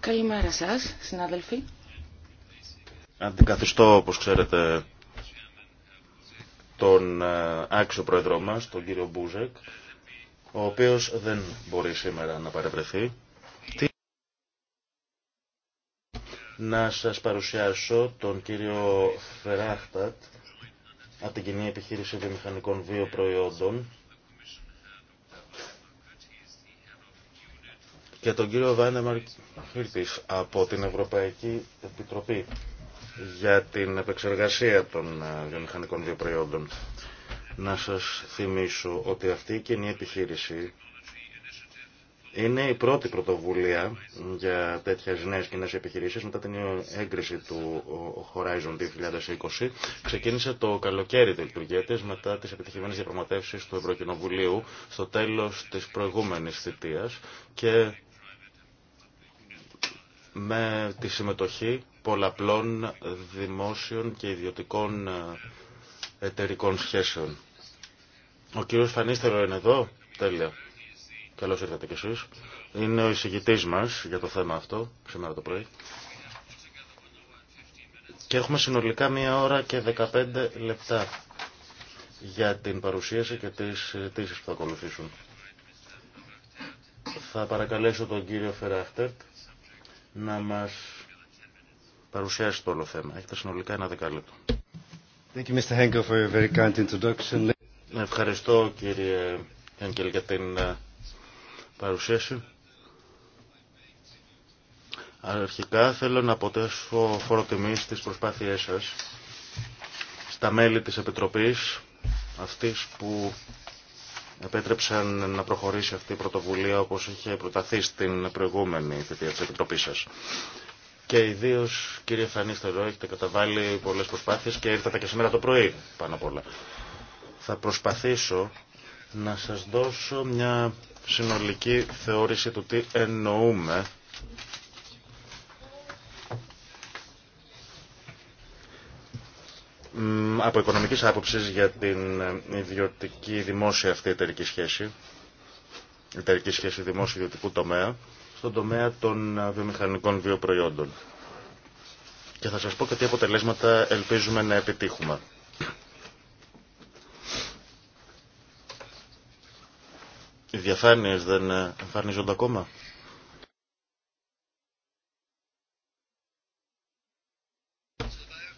Καλημέρα σας, συνάδελφοι. Αντικαθιστώ, όπως ξέρετε, τον ε, άξιο πρόεδρό μας, τον κύριο Μπούζεκ, ο οποίος δεν μπορεί σήμερα να παρευρεθεί. Να σας παρουσιάσω τον κύριο Φεράχτατ από την Κοινή Επιχείρηση Βιομηχανικών Βιοπροϊόντων και τον κύριο Βάνεμαρ Χίλτης από την Ευρωπαϊκή Επιτροπή για την επεξεργασία των ε, βιομηχανικών βιοπροϊόντων. Να σας θυμίσω ότι αυτή η κοινή επιχείρηση είναι η πρώτη πρωτοβουλία για τέτοιε νέε κοινέ επιχειρήσει μετά την έγκριση του Horizon 2020. Ξεκίνησε το καλοκαίρι του Υπουργέτη μετά τι επιτυχημένε διαπραγματεύσει του Ευρωκοινοβουλίου στο τέλο τη προηγούμενη θητείας και με τη συμμετοχή πολλαπλών δημόσιων και ιδιωτικών ε, εταιρικών σχέσεων. Ο κύριος Φανίστερο είναι εδώ. Τέλεια. Καλώς ήρθατε κι εσείς. Είναι ο εισηγητής μας για το θέμα αυτό, σήμερα το πρωί. Και έχουμε συνολικά μία ώρα και 15 λεπτά για την παρουσίαση και τις συζητήσεις που θα ακολουθήσουν. Θα παρακαλέσω τον κύριο Φεράχτερτ να μας παρουσιάσει το όλο θέμα. Έχετε συνολικά ένα δεκάλεπτο. Thank Ευχαριστώ κύριε Henkel για την ε, παρουσίαση. Αρχικά θέλω να αποτέσω φόρο τιμή στις προσπάθειές σας στα μέλη της Επιτροπής αυτής που επέτρεψαν να προχωρήσει αυτή η πρωτοβουλία όπως είχε προταθεί στην προηγούμενη θητεία της Επιτροπής σας. Και ιδίω, κύριε Φανίστερο, έχετε καταβάλει πολλές προσπάθειες και ήρθατε και σήμερα το πρωί πάνω απ' όλα. Θα προσπαθήσω να σας δώσω μια συνολική θεώρηση του τι εννοούμε από οικονομικής άποψης για την ε, ιδιωτική δημόσια αυτή εταιρική σχέση, εταιρική σχέση δημόσιο-ιδιωτικού τομέα, στον τομέα των ε, βιομηχανικών βιοπροϊόντων. Και θα σας πω και τι αποτελέσματα ελπίζουμε να επιτύχουμε. Οι διαφάνειες δεν ε, εμφανίζονται ακόμα.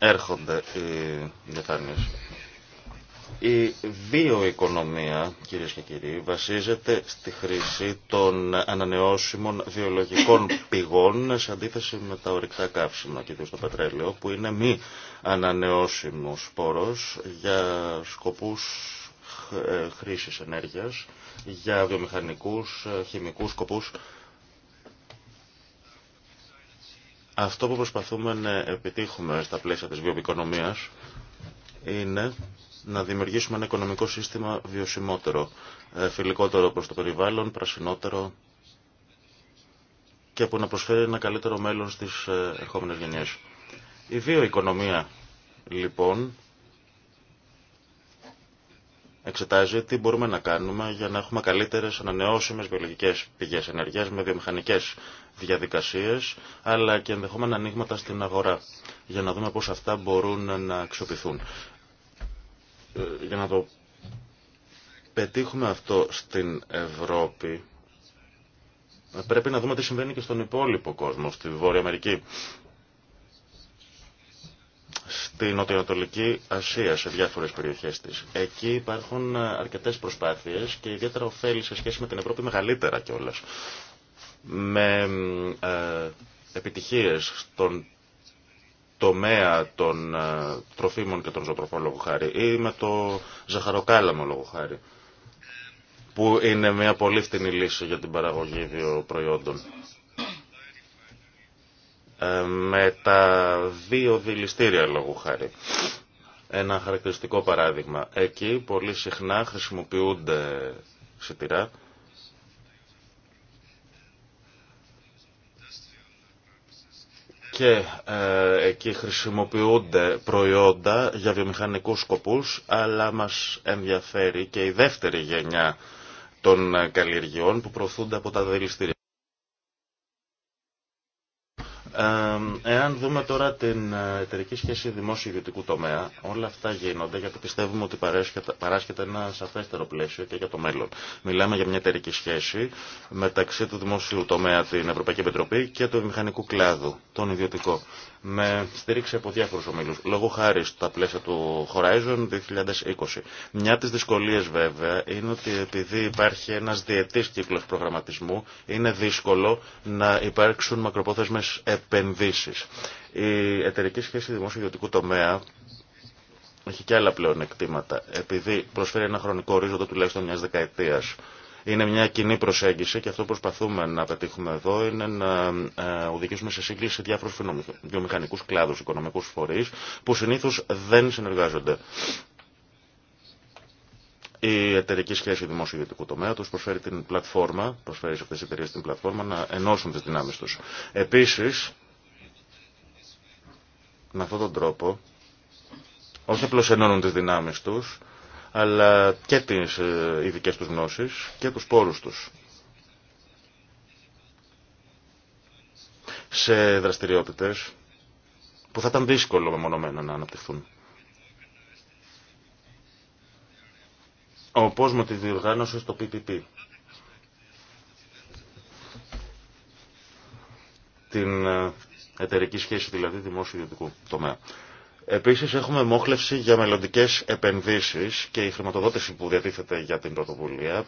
έρχονται οι Η βιοοικονομία, κυρίες και κύριοι, βασίζεται στη χρήση των ανανεώσιμων βιολογικών πηγών σε αντίθεση με τα ορυκτά καύσιμα, κυρίως το πετρέλαιο, που είναι μη ανανεώσιμος πόρος για σκοπούς ε, χρήσης ενέργειας, για βιομηχανικούς, ε, χημικούς σκοπούς Αυτό που προσπαθούμε να επιτύχουμε στα πλαίσια της βιοοικονομίας είναι να δημιουργήσουμε ένα οικονομικό σύστημα βιωσιμότερο, ε, φιλικότερο προς το περιβάλλον, πρασινότερο και που να προσφέρει ένα καλύτερο μέλλον στις ε, ερχόμενες γενιές. Η βιοοικονομία, λοιπόν, εξετάζει τι μπορούμε να κάνουμε για να έχουμε καλύτερες ανανεώσιμες βιολογικές πηγές ενέργειας με βιομηχανικές διαδικασίες, αλλά και ενδεχόμενα ανοίγματα στην αγορά, για να δούμε πώς αυτά μπορούν να αξιοποιηθούν. Ε, για να το πετύχουμε αυτό στην Ευρώπη, ε, πρέπει να δούμε τι συμβαίνει και στον υπόλοιπο κόσμο, στη Βόρεια Αμερική στη νοτιοανατολική Ασία, σε διάφορες περιοχές της. Εκεί υπάρχουν ε, αρκετέ προσπάθειες και ιδιαίτερα ωφέλη σε σχέση με την Ευρώπη μεγαλύτερα κιόλα. Με ε, επιτυχίες στον τομέα των ε, τροφίμων και των ζωοτροφών λόγω χάρη ή με το ζαχαροκάλαμο λόγω χάρη που είναι μια πολύ φτηνή λύση για την παραγωγή δύο προϊόντων. Ε, με τα δύο δηληστήρια λόγου χάρη. Ένα χαρακτηριστικό παράδειγμα. Εκεί πολύ συχνά χρησιμοποιούνται σιτηρά και ε, εκεί χρησιμοποιούνται προϊόντα για βιομηχανικούς σκοπούς, αλλά μας ενδιαφέρει και η δεύτερη γενιά των καλλιεργειών που προωθούνται από τα δηληστήρια. εάν δούμε τώρα την ε, εταιρική σχέση δημόσιο-ιδιωτικού τομέα, όλα αυτά γίνονται γιατί πιστεύουμε ότι παράσχεται ένα σαφέστερο πλαίσιο και για το μέλλον. Μιλάμε για μια εταιρική σχέση μεταξύ του δημόσιου τομέα, την Ευρωπαϊκή Επιτροπή και του μηχανικού κλάδου, τον ιδιωτικό. Με στήριξη από διάφορου ομίλου, λόγω χάρη στα πλαίσια του Horizon 2020. Μια από τι δυσκολίε βέβαια είναι ότι επειδή υπάρχει ένα διετή κύκλο προγραμματισμού, είναι δύσκολο να υπάρξουν μακροπόθεσμε επενδύσει επενδύσεις. Η εταιρική σχέση δημόσιο-ιδιωτικού τομέα έχει και άλλα πλέον εκτήματα, επειδή προσφέρει ένα χρονικό ορίζοντα τουλάχιστον μιας δεκαετίας. Είναι μια κοινή προσέγγιση και αυτό που προσπαθούμε να πετύχουμε εδώ είναι να ε, οδηγήσουμε σε σύγκληση διάφορου βιομηχανικούς κλάδου, οικονομικούς φορείς που συνήθως δεν συνεργάζονται. Η εταιρική σχέση δημόσιο ιδιωτικού τομέα του προσφέρει την πλατφόρμα, προσφέρει σε αυτέ τι εταιρείε την πλατφόρμα να ενώσουν τι δυνάμεις του. Επίσης, με αυτόν τον τρόπο, όχι απλώς ενώνουν τις δυνάμεις τους, αλλά και τις ε, ειδικέ τους γνώσεις και τους πόρους τους. Σε δραστηριότητες που θα ήταν δύσκολο μεμονωμένα να αναπτυχθούν. Όπως με τη διοργάνωση στο PPP. Την ε, Εταιρική σχέση δηλαδή δημόσιο-ιδιωτικού τομέα. Επίσης έχουμε μόχλευση για μελλοντικές επενδύσεις και η χρηματοδότηση που διατίθεται για την πρωτοβουλία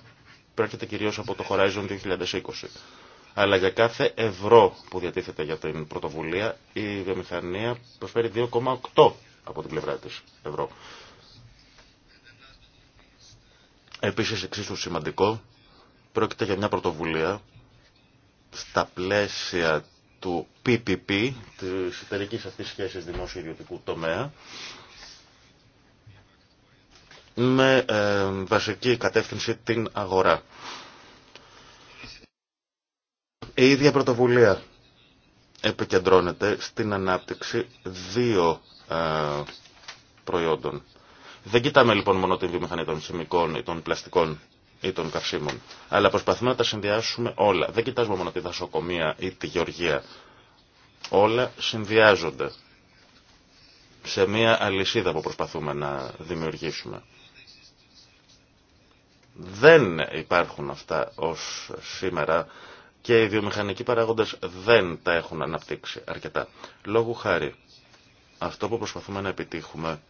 πρόκειται κυρίως από το Horizon 2020. Αλλά για κάθε ευρώ που διατίθεται για την πρωτοβουλία η βιομηχανία προσφέρει 2,8 από την πλευρά της ευρώ. Επίσης εξίσου σημαντικό πρόκειται για μια πρωτοβουλία στα πλαίσια του PPP, της εταιρικής αυτής σχέσης δημόσιο-ιδιωτικού τομέα, με ε, βασική κατεύθυνση την αγορά. Η ίδια πρωτοβουλία επικεντρώνεται στην ανάπτυξη δύο ε, προϊόντων. Δεν κοιτάμε λοιπόν μόνο την βιομηχανία των χημικών ή των πλαστικών ή των καυσίμων. Αλλά προσπαθούμε να τα συνδυάσουμε όλα. Δεν κοιτάζουμε μόνο τη δασοκομεία ή τη γεωργία. Όλα συνδυάζονται σε μια αλυσίδα που προσπαθούμε να δημιουργήσουμε. Δεν υπάρχουν αυτά ως σήμερα και οι βιομηχανικοί παράγοντες δεν τα έχουν αναπτύξει αρκετά. Λόγου χάρη, αυτό που προσπαθούμε να επιτύχουμε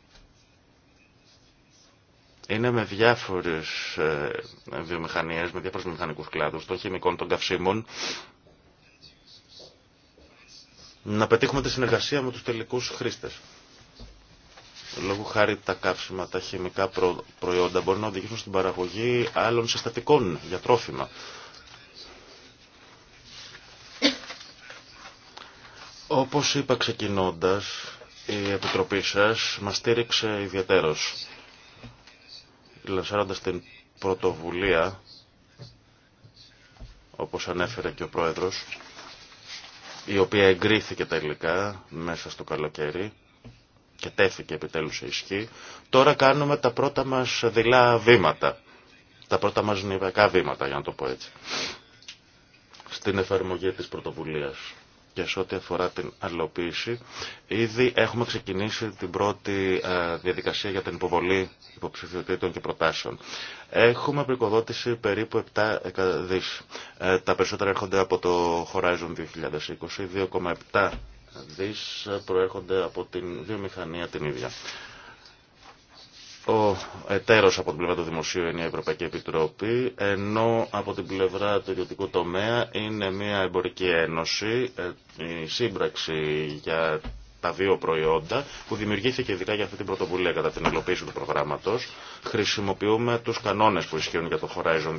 είναι με διάφορες ε, βιομηχανίε, με διάφορου μηχανικούς κλάδου, των χημικών, των καυσίμων, να πετύχουμε τη συνεργασία με τους τελικούς χρήστες. Λόγω χάρη τα καύσιμα, τα χημικά προϊόντα μπορούν να οδηγήσουν στην παραγωγή άλλων συστατικών για τρόφιμα. Όπως είπα ξεκινώντας, η Επιτροπή σας μας στήριξε ιδιαίτερος λανσάροντας την πρωτοβουλία, όπως ανέφερε και ο Πρόεδρος, η οποία εγκρίθηκε τελικά μέσα στο καλοκαίρι και τέθηκε επιτέλους σε ισχύ, τώρα κάνουμε τα πρώτα μας δειλά βήματα, τα πρώτα μας νηπιακά βήματα, για να το πω έτσι, στην εφαρμογή της πρωτοβουλίας και σε ό,τι αφορά την αλληλοποίηση, ήδη έχουμε ξεκινήσει την πρώτη ε, διαδικασία για την υποβολή υποψηφιωτήτων και προτάσεων. Έχουμε προοικοδότηση περίπου 7 δις. Ε, τα περισσότερα έρχονται από το Horizon 2020, 2,7 δις προέρχονται από την βιομηχανία την ίδια. Ο εταίρος από την πλευρά του Δημοσίου είναι η Ευρωπαϊκή Επιτροπή, ενώ από την πλευρά του ιδιωτικού τομέα είναι μια εμπορική ένωση, ε, η σύμπραξη για τα δύο προϊόντα που δημιουργήθηκε ειδικά για αυτή την πρωτοβουλία κατά την υλοποίηση του προγράμματο. Χρησιμοποιούμε του κανόνε που ισχύουν για το Horizon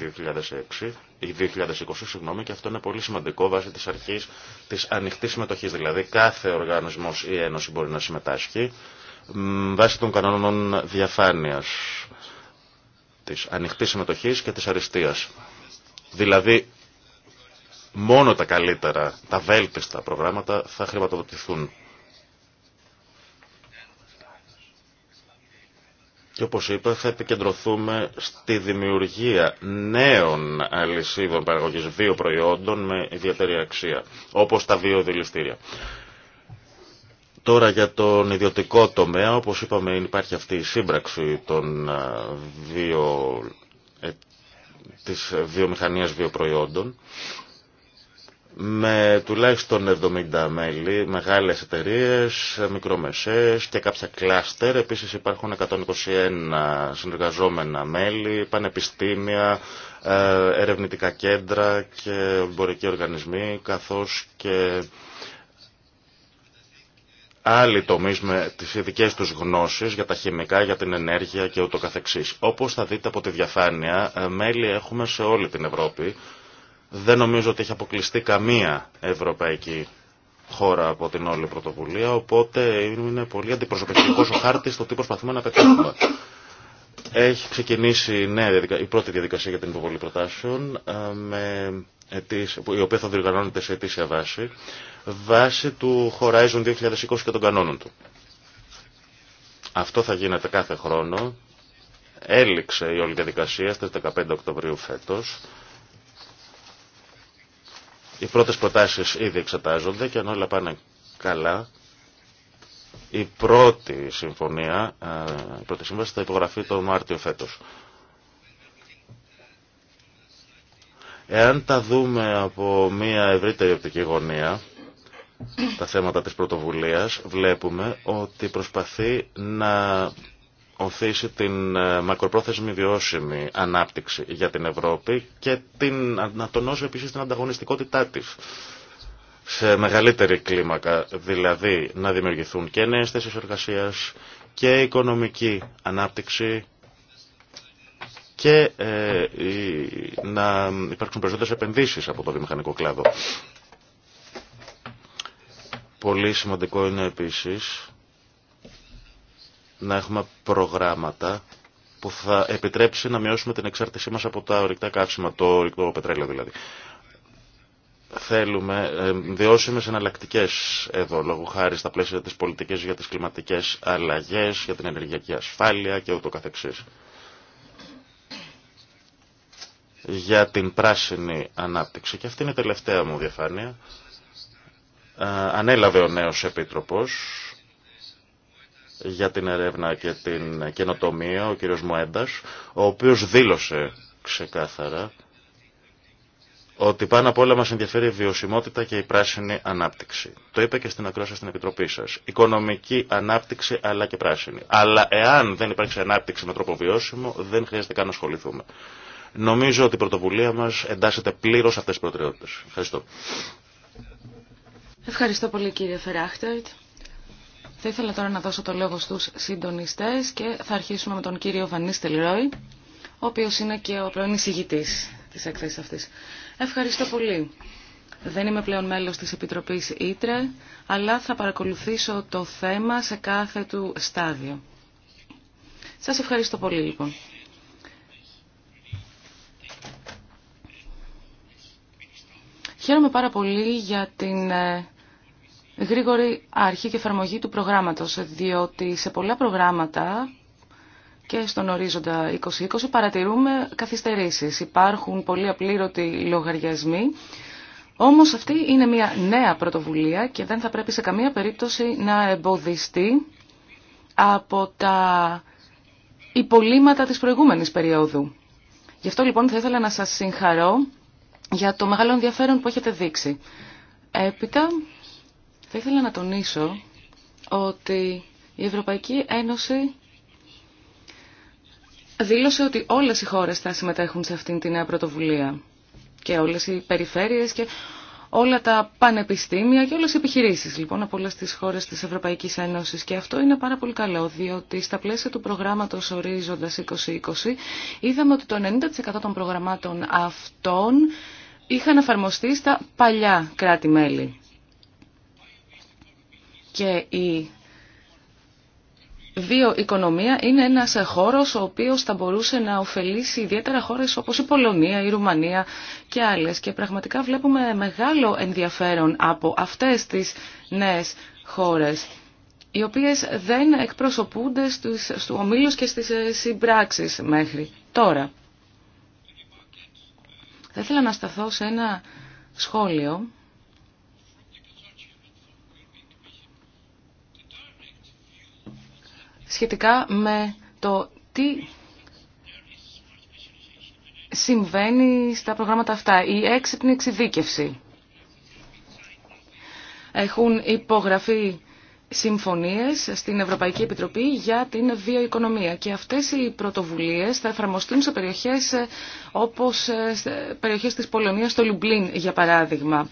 2006 2020, συγγνώμη, και αυτό είναι πολύ σημαντικό βάσει τη αρχή τη ανοιχτή συμμετοχή. Δηλαδή, κάθε οργανισμό ή ένωση μπορεί να συμμετάσχει βάσει των κανόνων διαφάνειας, της ανοιχτής συμμετοχής και της αριστείας. Δηλαδή, μόνο τα καλύτερα, τα βέλτιστα προγράμματα θα χρηματοδοτηθούν. Και όπως είπα θα επικεντρωθούμε στη δημιουργία νέων αλυσίδων παραγωγής βιοπροϊόντων με ιδιαίτερη αξία, όπως τα βιοδηληστήρια. Τώρα για τον ιδιωτικό τομέα, όπως είπαμε υπάρχει αυτή η σύμπραξη των βιο... Ε, ε, της βιομηχανίας βιοπροϊόντων με τουλάχιστον 70 μέλη, μεγάλες εταιρείες, μικρομεσές και κάποια κλάστερ. Επίσης υπάρχουν 121 συνεργαζόμενα μέλη, πανεπιστήμια, ε, ερευνητικά κέντρα και εμπορικοί οργανισμοί, καθώς και άλλοι τομεί με τι ειδικέ του γνώσει για τα χημικά, για την ενέργεια και ούτω καθεξή. Όπω θα δείτε από τη διαφάνεια, ε, μέλη έχουμε σε όλη την Ευρώπη. Δεν νομίζω ότι έχει αποκλειστεί καμία ευρωπαϊκή χώρα από την όλη πρωτοβουλία, οπότε είναι πολύ αντιπροσωπευτικό ο χάρτη στο τι προσπαθούμε να πετύχουμε. Έχει ξεκινήσει η πρώτη διαδικασία για την υποβολή προτάσεων ε, με η οποία θα διοργανώνεται σε αιτήσια βάση, βάση του Horizon 2020 και των κανόνων του. Αυτό θα γίνεται κάθε χρόνο. Έληξε η όλη διαδικασία στις 15 Οκτωβρίου φέτος. Οι πρώτες προτάσεις ήδη εξετάζονται και αν όλα πάνε καλά, η πρώτη συμφωνία, ε, η πρώτη σύμβαση θα υπογραφεί το Μάρτιο φέτος. Εάν τα δούμε από μια ευρύτερη οπτική γωνία, τα θέματα της πρωτοβουλίας, βλέπουμε ότι προσπαθεί να οθήσει την ε, μακροπρόθεσμη βιώσιμη ανάπτυξη για την Ευρώπη και την, να τονώσει επίσης την ανταγωνιστικότητά της σε μεγαλύτερη κλίμακα, δηλαδή να δημιουργηθούν και νέες θέσεις εργασίας και οικονομική ανάπτυξη και ε, να υπάρξουν περισσότερες επενδύσεις από το βιομηχανικό κλάδο. Πολύ σημαντικό είναι επίσης να έχουμε προγράμματα που θα επιτρέψει να μειώσουμε την εξάρτησή μας από τα ορυκτά καύσιμα, το ορυκτό πετρέλαιο δηλαδή. Θέλουμε διώσιμες ε, εναλλακτικέ εδώ, λόγω χάρη στα πλαίσια της πολιτικής για τις κλιματικές αλλαγές, για την ενεργειακή ασφάλεια και ούτω καθεξής για την πράσινη ανάπτυξη. Και αυτή είναι η τελευταία μου διαφάνεια. Ανέλαβε ο νέος επίτροπος για την ερεύνα και την καινοτομία, ο κύριος Μουέντας, ο οποίος δήλωσε ξεκάθαρα ότι πάνω απ' όλα μας ενδιαφέρει η βιωσιμότητα και η πράσινη ανάπτυξη. Το είπε και στην ακρόαση στην Επιτροπή σας. Οικονομική ανάπτυξη αλλά και πράσινη. Αλλά εάν δεν υπάρχει ανάπτυξη με τρόπο βιώσιμο δεν χρειάζεται καν να ασχοληθούμε. Νομίζω ότι η πρωτοβουλία μας εντάσσεται πλήρως σε αυτές τις προτεραιότητες. Ευχαριστώ. Ευχαριστώ πολύ κύριε Φεράχτερτ. Θα ήθελα τώρα να δώσω το λόγο στους συντονιστές και θα αρχίσουμε με τον κύριο Βανίστελ Ρόι, ο οποίος είναι και ο πρώην εισηγητής της έκθεσης αυτής. Ευχαριστώ πολύ. Δεν είμαι πλέον μέλος της Επιτροπής Ήτρε, αλλά θα παρακολουθήσω το θέμα σε κάθε του στάδιο. Σας ευχαριστώ πολύ λοιπόν. Χαίρομαι πάρα πολύ για την ε, γρήγορη αρχή και εφαρμογή του προγράμματος, διότι σε πολλά προγράμματα και στον ορίζοντα 2020 παρατηρούμε καθυστερήσεις. Υπάρχουν πολύ απλήρωτοι λογαριασμοί, όμως αυτή είναι μια νέα πρωτοβουλία και δεν θα πρέπει σε καμία περίπτωση να εμποδιστεί από τα υπολείμματα της προηγούμενης περίοδου. Γι' αυτό λοιπόν θα ήθελα να σας συγχαρώ για το μεγάλο ενδιαφέρον που έχετε δείξει. Έπειτα, θα ήθελα να τονίσω ότι η Ευρωπαϊκή Ένωση δήλωσε ότι όλες οι χώρες θα συμμετέχουν σε αυτήν την νέα πρωτοβουλία και όλες οι περιφέρειες και όλα τα πανεπιστήμια και όλες οι επιχειρήσεις λοιπόν από όλες τις χώρες της Ευρωπαϊκής Ένωσης και αυτό είναι πάρα πολύ καλό διότι στα πλαίσια του προγράμματος Ορίζοντας 2020 είδαμε ότι το 90% των προγραμμάτων αυτών είχαν εφαρμοστεί στα παλιά κράτη-μέλη. Και η δύο οικονομία είναι ένας χώρος ο οποίος θα μπορούσε να ωφελήσει ιδιαίτερα χώρες όπως η Πολωνία, η Ρουμανία και άλλες. Και πραγματικά βλέπουμε μεγάλο ενδιαφέρον από αυτές τις νέες χώρες οι οποίες δεν εκπροσωπούνται στους, στους ομίλους και στις ε, συμπράξεις μέχρι τώρα. Θα ήθελα να σταθώ σε ένα σχόλιο σχετικά με το τι συμβαίνει στα προγράμματα αυτά. Η έξυπνη εξειδίκευση. Έχουν υπογραφεί συμφωνίες στην Ευρωπαϊκή Επιτροπή για την βιοοικονομία και αυτές οι πρωτοβουλίες θα εφαρμοστούν σε περιοχές ε, όπως ε, περιοχές της Πολωνίας, στο Λουμπλίν για παράδειγμα.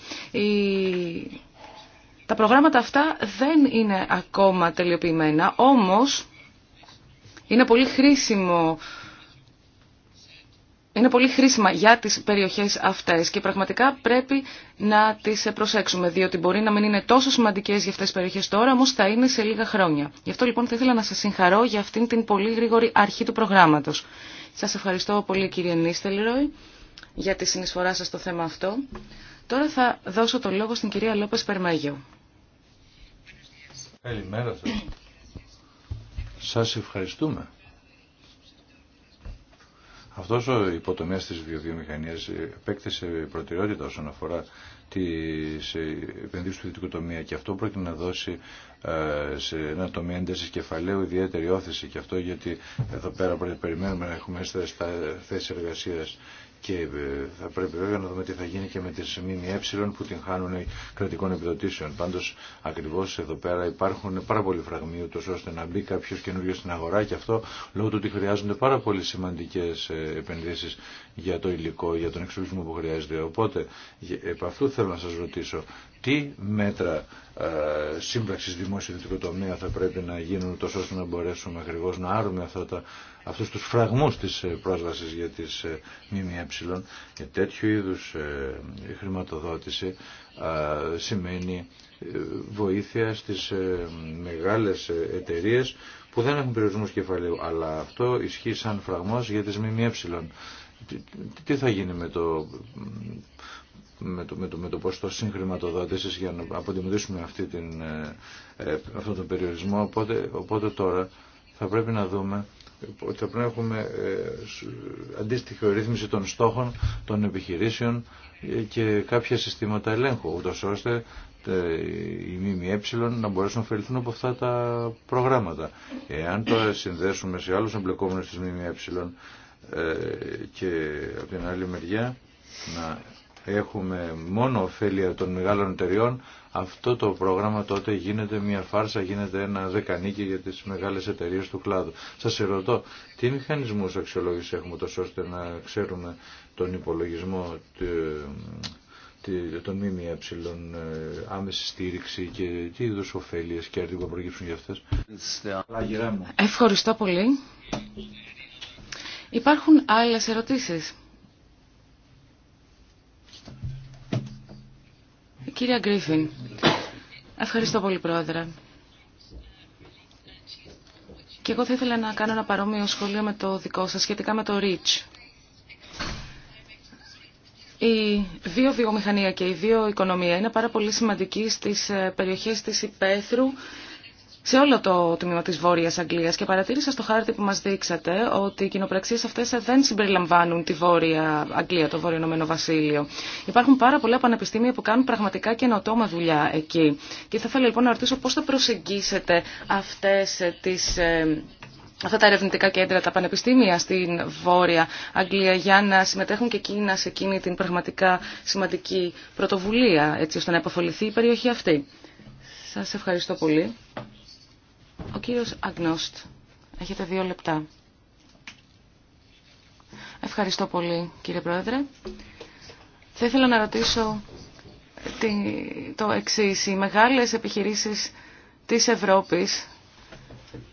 Τα προγράμματα αυτά δεν είναι ακόμα τελειοποιημένα, όμως είναι πολύ χρήσιμο είναι πολύ χρήσιμα για τις περιοχές αυτές και πραγματικά πρέπει να τις προσέξουμε, διότι μπορεί να μην είναι τόσο σημαντικές για αυτές τις περιοχές τώρα, όμως θα είναι σε λίγα χρόνια. Γι' αυτό λοιπόν θα ήθελα να σας συγχαρώ για αυτήν την πολύ γρήγορη αρχή του προγράμματος. Σας ευχαριστώ πολύ κύριε Νίστελ για τη συνεισφορά σας στο θέμα αυτό. Τώρα θα δώσω το λόγο στην κυρία Λόπες Περμέγιο. Καλημέρα σας. Σας ευχαριστούμε αυτό ο υποτομέα τη βιομηχανία επέκτησε προτεραιότητα όσον αφορά τις ε, επενδύσεις του δυτικού τομέα και αυτό πρόκειται να δώσει ε, σε ένα τομέα έντασης κεφαλαίου ιδιαίτερη όθηση και αυτό γιατί εδώ πέρα πρέπει περιμένουμε να έχουμε στα θέσεις εργασία και ε, θα πρέπει βέβαια να δούμε τι θα γίνει και με τις ΜΜΕ που την χάνουν οι κρατικών επιδοτήσεων. Πάντως ακριβώς εδώ πέρα υπάρχουν πάρα πολλοί φραγμοί ούτως ώστε να μπει κάποιος καινούριο στην αγορά και αυτό λόγω του ότι χρειάζονται πάρα πολύ σημαντικές ε, επενδύσεις για το υλικό, για τον εξοπλισμό που χρειάζεται. Οπότε ε, επ' αυτού θέλω να σας ρωτήσω τι μέτρα ε, σύμπραξη δημόσιο ιδιωτικού τομέα θα πρέπει να γίνουν τόσο ώστε να μπορέσουμε ακριβώ να άρουμε αυτά τα, αυτούς τους φραγμούς της ε, πρόσβασης για τις ε, ΜΜΕ και τέτοιου είδους ε, χρηματοδότηση ε, σημαίνει βοήθεια στις μεγάλες εταιρείε που δεν έχουν περιορισμούς κεφαλαίου αλλά αυτό ισχύει σαν φραγμός για τις ΜΜΕ. Τι, τι θα γίνει με το με το, με το, με το για να αποτιμητήσουμε αυτή ε, ε, αυτόν τον περιορισμό. Οπότε, οπότε τώρα θα πρέπει να δούμε ότι θα πρέπει να έχουμε ε, αντίστοιχη ρύθμιση των στόχων των επιχειρήσεων και κάποια συστήματα ελέγχου, ούτως ώστε οι ΜΜΕ να μπορέσουν να ωφεληθούν από αυτά τα προγράμματα. Εάν το συνδέσουμε σε άλλους εμπλεκόμενους της ΜΜΕ και από την άλλη μεριά να έχουμε μόνο ωφέλεια των μεγάλων εταιριών, αυτό το πρόγραμμα τότε γίνεται μια φάρσα, γίνεται ένα δεκανίκι για τις μεγάλες εταιρείες του κλάδου. Σας ερωτώ, τι μηχανισμούς αξιολόγησης έχουμε τόσο ώστε να ξέρουμε τον υπολογισμό των ΜΜΕ, άμεση στήριξη και τι είδους ωφέλειες και που προκύψουν για αυτές. Ευχαριστώ πολύ. Υπάρχουν άλλες ερωτήσεις. Κύριε Γκρίφιν, ευχαριστώ πολύ πρόεδρε. Και εγώ θα ήθελα να κάνω ένα παρόμοιο σχολείο με το δικό σας σχετικά με το REACH. Η βιοβιομηχανία και η βιοοικονομία είναι πάρα πολύ σημαντική στις ε, περιοχές της υπαίθρου σε όλο το τμήμα τη βόρεια Αγγλία. και παρατήρησα στο χάρτη που μα δείξατε ότι οι κοινοπραξίε αυτέ δεν συμπεριλαμβάνουν τη Βόρεια Αγγλία, το Βόρειο Ηνωμένο Βασίλειο. Υπάρχουν πάρα πολλά πανεπιστήμια που κάνουν πραγματικά καινοτόμα δουλειά εκεί. Και θα ήθελα λοιπόν να ρωτήσω πώ θα προσεγγίσετε αυτές ε, αυτά τα ερευνητικά κέντρα, τα πανεπιστήμια στην Βόρεια Αγγλία για να συμμετέχουν και εκείνα σε εκείνη την πραγματικά σημαντική πρωτοβουλία, έτσι ώστε να η περιοχή αυτή. Σας ευχαριστώ πολύ. Ο κύριος Αγνώστ. Έχετε δύο λεπτά. Ευχαριστώ πολύ κύριε Πρόεδρε. Θα ήθελα να ρωτήσω το εξή. Οι μεγάλες επιχειρήσεις της Ευρώπης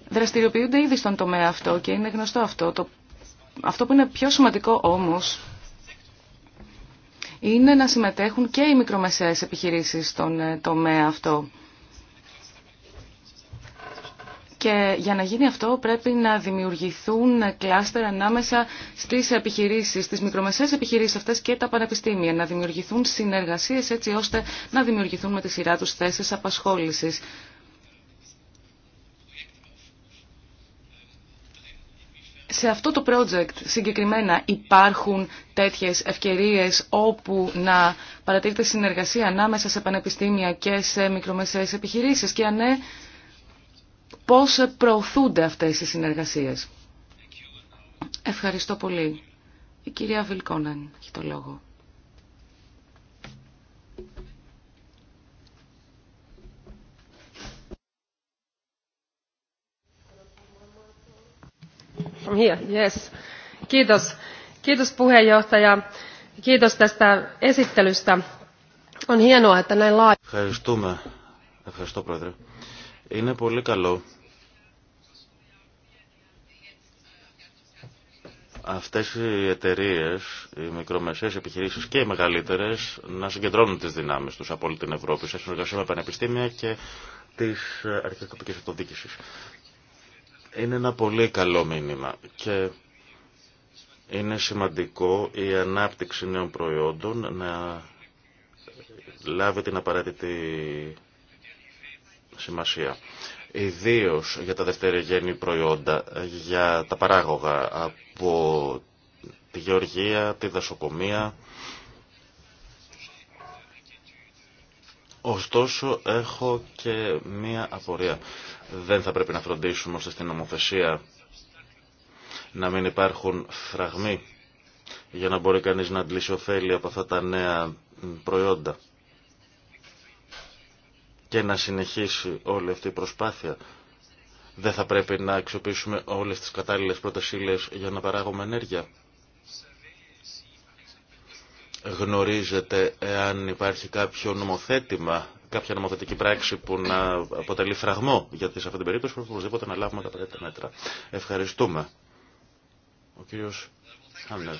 δραστηριοποιούνται ήδη στον τομέα αυτό και είναι γνωστό αυτό. αυτό που είναι πιο σημαντικό όμως είναι να συμμετέχουν και οι μικρομεσαίες επιχειρήσεις στον ε, τομέα αυτό. Και για να γίνει αυτό πρέπει να δημιουργηθούν κλάστερ ανάμεσα στις επιχειρήσεις, στις μικρομεσαίες επιχειρήσεις αυτές και τα πανεπιστήμια. Να δημιουργηθούν συνεργασίες έτσι ώστε να δημιουργηθούν με τη σειρά τους θέσεις απασχόλησης. σε αυτό το project συγκεκριμένα υπάρχουν τέτοιες ευκαιρίες όπου να παρατηρείται συνεργασία ανάμεσα σε πανεπιστήμια και σε μικρομεσαίες επιχειρήσεις και αν ναι, πώς προωθούνται αυτές οι συνεργασίες. Ευχαριστώ πολύ. Η κυρία Βιλκόναν έχει το λόγο. Ευχαριστούμε. Ευχαριστώ, Πρόεδρε. Είναι πολύ καλό αυτές οι εταιρείες, οι μικρομεσαίες επιχειρήσεις και οι μεγαλύτερες να συγκεντρώνουν τις δυνάμεις τους από όλη την Ευρώπη σε συνεργασία με πανεπιστήμια και τις αρχές τοπικής Είναι ένα πολύ καλό μήνυμα και είναι σημαντικό η ανάπτυξη νέων προϊόντων να λάβει την απαραίτητη σημασία. Ιδίω για τα δευτερεγέννη προϊόντα, για τα παράγωγα από τη γεωργία, τη δασοκομεία. Ωστόσο, έχω και μία απορία. Δεν θα πρέπει να φροντίσουμε ώστε στην νομοθεσία να μην υπάρχουν φραγμοί για να μπορεί κανείς να αντλήσει ωφέλη από αυτά τα νέα προϊόντα και να συνεχίσει όλη αυτή η προσπάθεια. Δεν θα πρέπει να αξιοποιήσουμε όλες τις κατάλληλες πρώτες για να παράγουμε ενέργεια. Γνωρίζετε εάν υπάρχει κάποιο νομοθέτημα, κάποια νομοθετική πράξη που να αποτελεί φραγμό, για σε αυτή την περίπτωση που οπωσδήποτε να λάβουμε τα απαραίτητα μέτρα. Ευχαριστούμε. Ο κύριος Χάμνερ.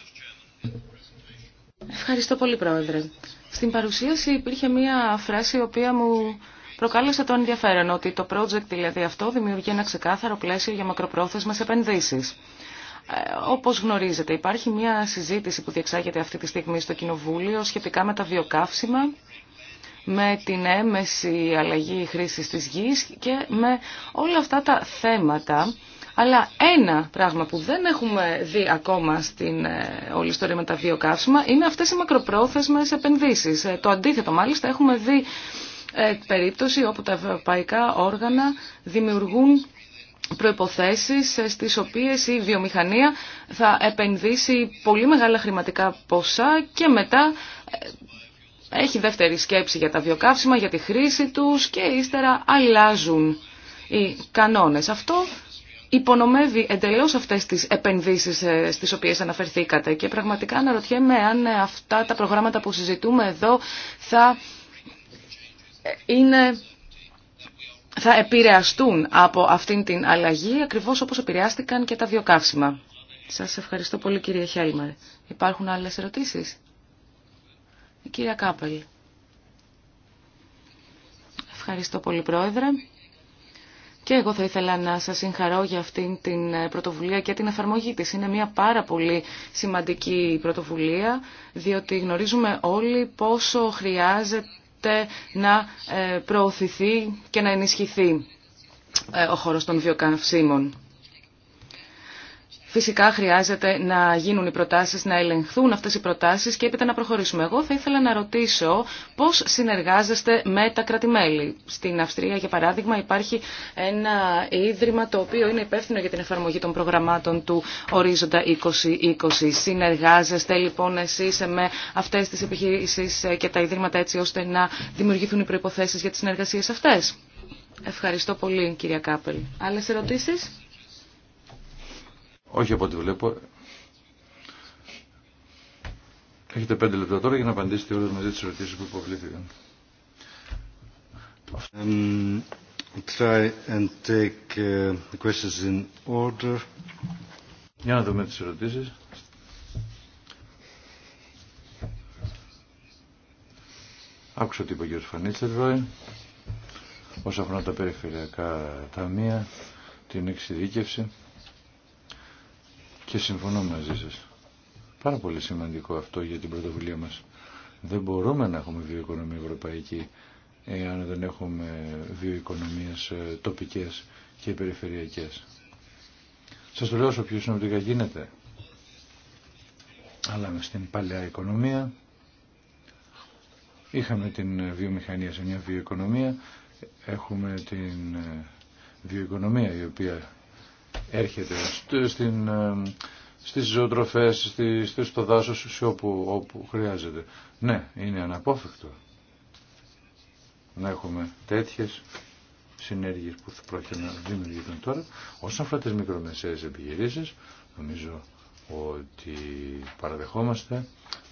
Ευχαριστώ πολύ, Πρόεδρε. Στην παρουσίαση υπήρχε μία φράση η οποία μου προκάλεσε το ενδιαφέρον ότι το project δηλαδή αυτό δημιουργεί ένα ξεκάθαρο πλαίσιο για μακροπρόθεσμες επενδύσεις. Ε, όπως γνωρίζετε υπάρχει μια συζήτηση που διεξάγεται αυτή τη στιγμή στο Κοινοβούλιο σχετικά με τα βιοκαύσιμα, με την έμεση αλλαγή χρήσης της γης και με όλα αυτά τα θέματα. Αλλά ένα πράγμα που δεν έχουμε δει ακόμα στην ε, όλη ιστορία με τα βιοκαύσιμα είναι αυτές οι μακροπρόθεσμες επενδύσεις. Ε, το αντίθετο μάλιστα έχουμε δει ε, περίπτωση όπου τα ευρωπαϊκά όργανα δημιουργούν προϋποθέσεις στις οποίες η βιομηχανία θα επενδύσει πολύ μεγάλα χρηματικά ποσά και μετά ε, έχει δεύτερη σκέψη για τα βιοκαύσιμα, για τη χρήση τους και ύστερα αλλάζουν οι κανόνες. Αυτό υπονομεύει εντελώς αυτές τις επενδύσεις ε, στις οποίες αναφερθήκατε και πραγματικά αναρωτιέμαι αν αυτά τα προγράμματα που συζητούμε εδώ θα είναι, θα επηρεαστούν από αυτήν την αλλαγή, ακριβώς όπως επηρεάστηκαν και τα βιοκαύσιμα. Σας ευχαριστώ πολύ κύριε Χέλμερ. Υπάρχουν άλλες ερωτήσεις. Η κυρία Κάπελ. Ευχαριστώ πολύ πρόεδρε. Και εγώ θα ήθελα να σας συγχαρώ για αυτήν την πρωτοβουλία και την εφαρμογή της. Είναι μια πάρα πολύ σημαντική πρωτοβουλία, διότι γνωρίζουμε όλοι πόσο χρειάζεται να ε, προωθηθεί και να ενισχυθεί ε, ο χώρος των βιοκαυσίμων. Φυσικά χρειάζεται να γίνουν οι προτάσεις, να ελεγχθούν αυτές οι προτάσεις και έπειτα να προχωρήσουμε. Εγώ θα ήθελα να ρωτήσω πώς συνεργάζεστε με τα κρατημέλη. Στην Αυστρία, για παράδειγμα, υπάρχει ένα ίδρυμα το οποίο είναι υπεύθυνο για την εφαρμογή των προγραμμάτων του Ορίζοντα 2020. Συνεργάζεστε λοιπόν εσείς με αυτές τις επιχειρήσεις και τα ίδρυματα έτσι ώστε να δημιουργηθούν οι προϋποθέσεις για τις συνεργασίες αυτές. Ευχαριστώ πολύ κυρία Κάπελ. Άλλε ερωτήσει. Όχι από ό,τι βλέπω. Έχετε πέντε λεπτά τώρα για να απαντήσετε όλες μαζί τις ερωτήσεις που υποβλήθηκαν. Um, try and take ε, the questions in order. Για να δούμε τις ερωτήσεις. Άκουσα τι είπε ο κ. Φανίτσελβάη όσον αφορά τα περιφερειακά ταμεία, την εξειδίκευση. Και συμφωνώ μαζί σας. Πάρα πολύ σημαντικό αυτό για την πρωτοβουλία μας. Δεν μπορούμε να έχουμε βιοοικονομία ευρωπαϊκή εάν δεν έχουμε βιοοικονομίες ε, τοπικές και περιφερειακές. Σας το λέω όσο πιο συνοπτικά γίνεται. Αλλά με στην παλαιά οικονομία είχαμε την βιομηχανία σε μια βιοοικονομία, έχουμε την ε, βιοοικονομία η οποία έρχεται στην, ε, στις ζωοτροφές, στο δάσος, όπου, όπου χρειάζεται. Ναι, είναι αναπόφευκτο να έχουμε τέτοιες συνέργειες που θα πρόκειται να δημιουργηθούν τώρα. Όσον αφορά τις μικρομεσαίες επιχειρήσεις, νομίζω ότι παραδεχόμαστε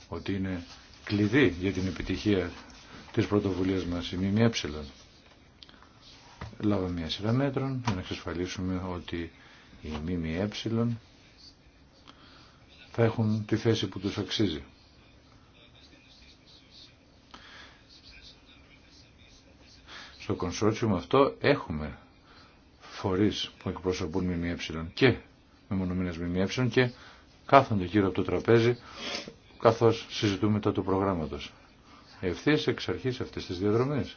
ότι είναι κλειδί για την επιτυχία της πρωτοβουλίας μας η ΜΜΕ. Λάβαμε μια σειρά μέτρων για να εξασφαλίσουμε ότι οι ΜΜΕ θα έχουν τη θέση που τους αξίζει. Στο κονσόρτσιουμ αυτό έχουμε φορείς που εκπροσωπούν ΜΜΕ και με μεμονωμένες ΜΜΕ και κάθονται γύρω από το τραπέζι καθώς συζητούμε το του προγράμματος. Ευθύς εξ αρχής αυτής της διαδρομής.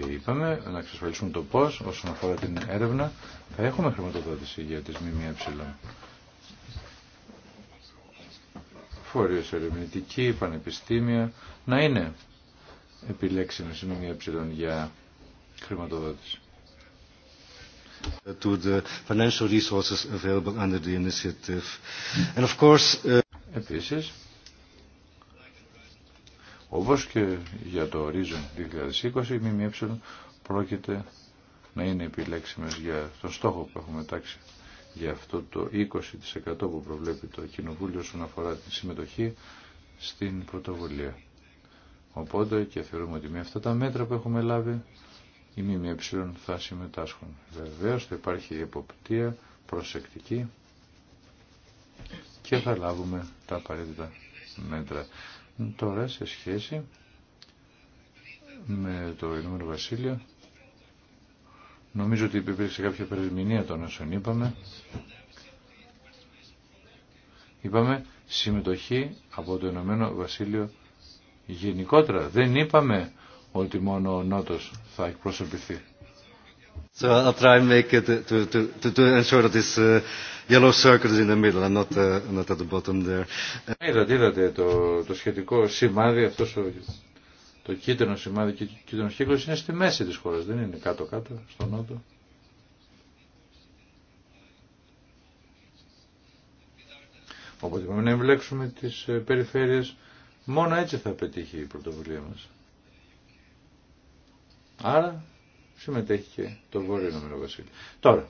και είπαμε να εξασφαλίσουμε το πώ, όσον αφορά την έρευνα θα έχουμε χρηματοδότηση για τι ΜΜΕ. Φόρειο ερευνητική, πανεπιστήμια, να είναι επιλέξιμε οι ΜΜΕ για χρηματοδότηση. To financial resources available under the initiative. And of course, uh, Επίσης, όπως και για το Horizon 2020, η ΜΜΕ πρόκειται να είναι επιλέξιμες για τον στόχο που έχουμε τάξει για αυτό το 20% που προβλέπει το Κοινοβούλιο όσον αφορά τη συμμετοχή στην πρωτοβουλία. Οπότε και θεωρούμε ότι με αυτά τα μέτρα που έχουμε λάβει οι ΜΜΕ θα συμμετάσχουν. Βεβαίως θα υπάρχει εποπτεία προσεκτική και θα λάβουμε τα απαραίτητα μέτρα. Τώρα σε σχέση με το Ηνωμένο Βασίλειο νομίζω ότι υπήρξε κάποια περιμηνία των όσων είπαμε. Είπαμε συμμετοχή από το Ηνωμένο Βασίλειο γενικότερα. Δεν είπαμε ότι μόνο ο Νότος θα εκπροσωπηθεί. So I'll try and make it to, to, to, to ensure that this uh, yellow circle is in the middle and not, uh, not at the bottom there. Είδατε, είδατε το, το σχετικό σημάδι, αυτός ο, το κίτρινο σημάδι και ο κίτρινο κύκλος είναι στη μέση της χώρας, δεν είναι κάτω-κάτω, στον νότο. Οπότε πρέπει να εμπλέξουμε τις ε, περιφέρειες. Μόνο έτσι θα πετύχει η πρωτοβουλία μας. Άρα συμμετέχει και το Βόρειο Ηνωμένο Βασίλειο. Τώρα,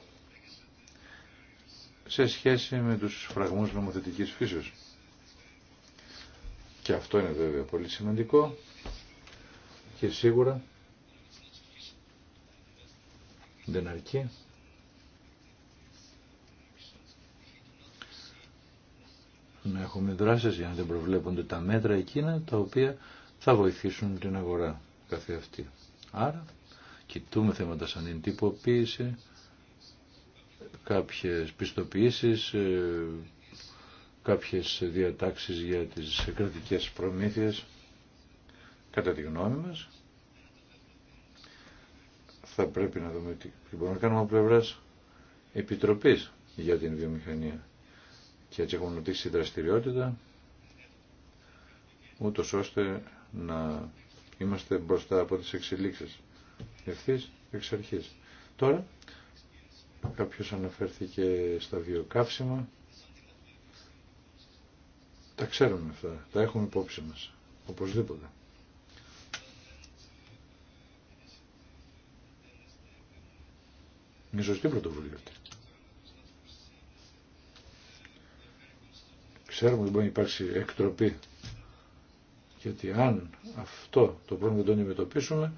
σε σχέση με τους φραγμούς νομοθετικής φύσεως. Και αυτό είναι βέβαια πολύ σημαντικό και σίγουρα δεν αρκεί. Να έχουμε δράσεις για να δεν προβλέπονται τα μέτρα εκείνα τα οποία θα βοηθήσουν την αγορά καθεαυτή. αυτή. Άρα κοιτούμε θέματα σαν την τυποποίηση, κάποιες πιστοποιήσεις, ε, κάποιες διατάξεις για τις κρατικές προμήθειες. Κατά τη γνώμη μας, θα πρέπει να δούμε τι μπορούμε να κάνουμε από πλευράς επιτροπής για την βιομηχανία. Και έτσι έχουμε νοτήσει δραστηριότητα, ούτως ώστε να είμαστε μπροστά από τις εξελίξεις ευθύς εξ αρχής. Τώρα, κάποιος αναφέρθηκε στα βιοκαύσιμα. Τα ξέρουμε αυτά, τα έχουμε υπόψη μας, οπωσδήποτε. Είναι σωστή πρωτοβουλία αυτή. Ξέρουμε ότι μπορεί να υπάρξει εκτροπή. Γιατί αν αυτό το πρόβλημα δεν το αντιμετωπίσουμε,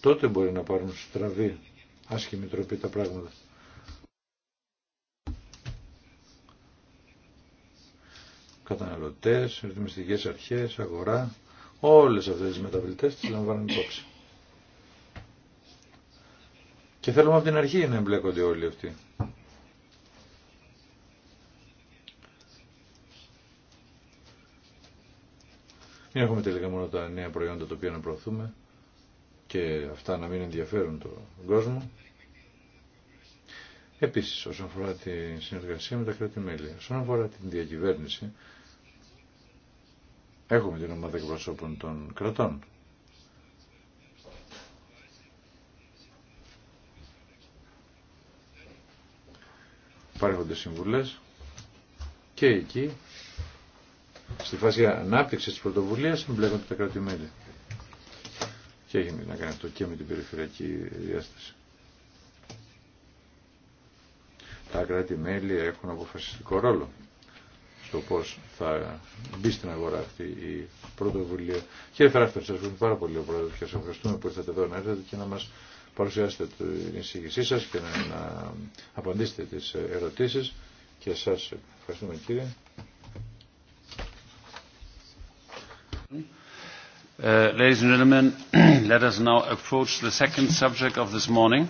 τότε μπορεί να πάρουν στραβή, άσχημη τροπή τα πράγματα. Καταναλωτές, ρυθμιστικές αρχές, αγορά, όλες αυτές τις μεταβλητές τις λαμβάνουν υπόψη. Και θέλουμε από την αρχή να εμπλέκονται όλοι αυτοί. Μην έχουμε τελικά μόνο τα νέα προϊόντα τα οποία να προωθούμε και αυτά να μην ενδιαφέρουν τον κόσμο. Επίσης, όσον αφορά τη συνεργασία με τα κράτη-μέλη, όσον αφορά την διακυβέρνηση, έχουμε την ομάδα εκπροσώπων των κρατών. Υπάρχονται συμβουλές και εκεί, στη φάση ανάπτυξης της πρωτοβουλίας, εμπλέκονται τα κράτη-μέλη. Και έχει να κάνει αυτό και με την περιφερειακή διάσταση. Τα κράτη-μέλη έχουν αποφασιστικό ρόλο στο πώ θα μπει στην αγορά αυτή η πρωτοβουλία. Κύριε Φεράφτερ, σα ευχαριστούμε πάρα πολύ ο και σα ευχαριστούμε που ήρθατε εδώ να έρθετε και να μα παρουσιάσετε την εισήγησή σα και να, να απαντήσετε τι ερωτήσει. Και σα ευχαριστούμε κύριε. Uh, ladies and gentlemen, let us now approach the second subject of this morning,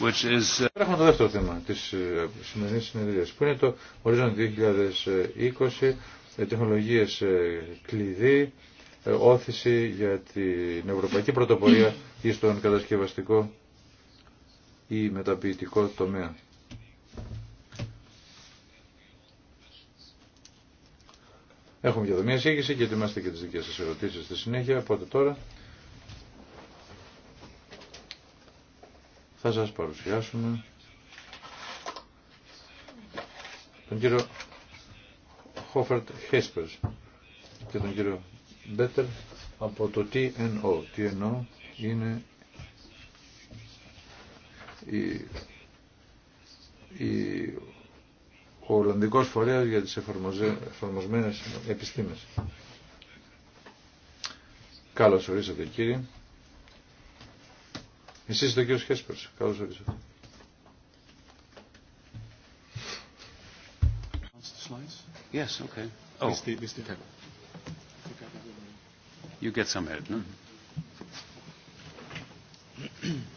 which is... Uh, το δεύτερο θέμα της ε, σημερινής συνεδρίας, που είναι το Horizon 2020, ε, τεχνολογίες ε, κλειδί, όθηση για την ευρωπαϊκή πρωτοπορία ή στον κατασκευαστικό ή μεταποιητικό τομέα. Έχουμε και εδώ μια σύγχυση και ετοιμάστε και τις δικές σας ερωτήσεις στη συνέχεια. Οπότε τώρα θα σας παρουσιάσουμε τον κύριο Χόφερτ Χέσπερς και τον κύριο Μπέτερ από το TNO. TNO είναι η ο Ολλανδικός Φορέας για τις εφαρμοσμένες επιστήμες. Καλώς ορίσατε κύριε. Εσείς είστε ο κύριος Χέσπερς. Καλώς ορίσατε. Yes, okay. Oh. Mr. Okay. You get some help, no?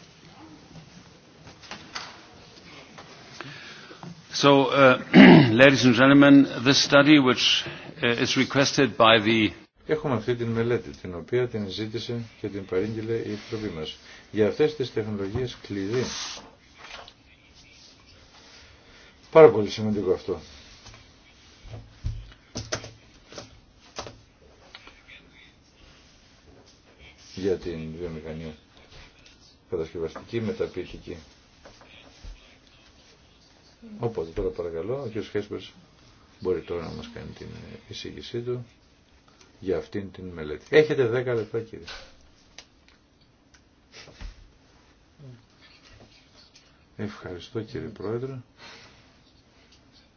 So, uh, ladies and gentlemen, this study which uh, is requested by the... Έχουμε αυτή την μελέτη, την οποία την ζήτησε και την παρήγγειλε η Επιτροπή μας. Για αυτές τις τεχνολογίες κλειδί. Πάρα πολύ σημαντικό αυτό. Για την βιομηχανία κατασκευαστική, μεταποιητική. Οπότε τώρα παρακαλώ, ο κ. Χέσπερς μπορεί τώρα να μας κάνει την εισήγησή του για αυτήν την μελέτη. Έχετε 10 λεπτά κύριε. Ευχαριστώ κύριε Πρόεδρε.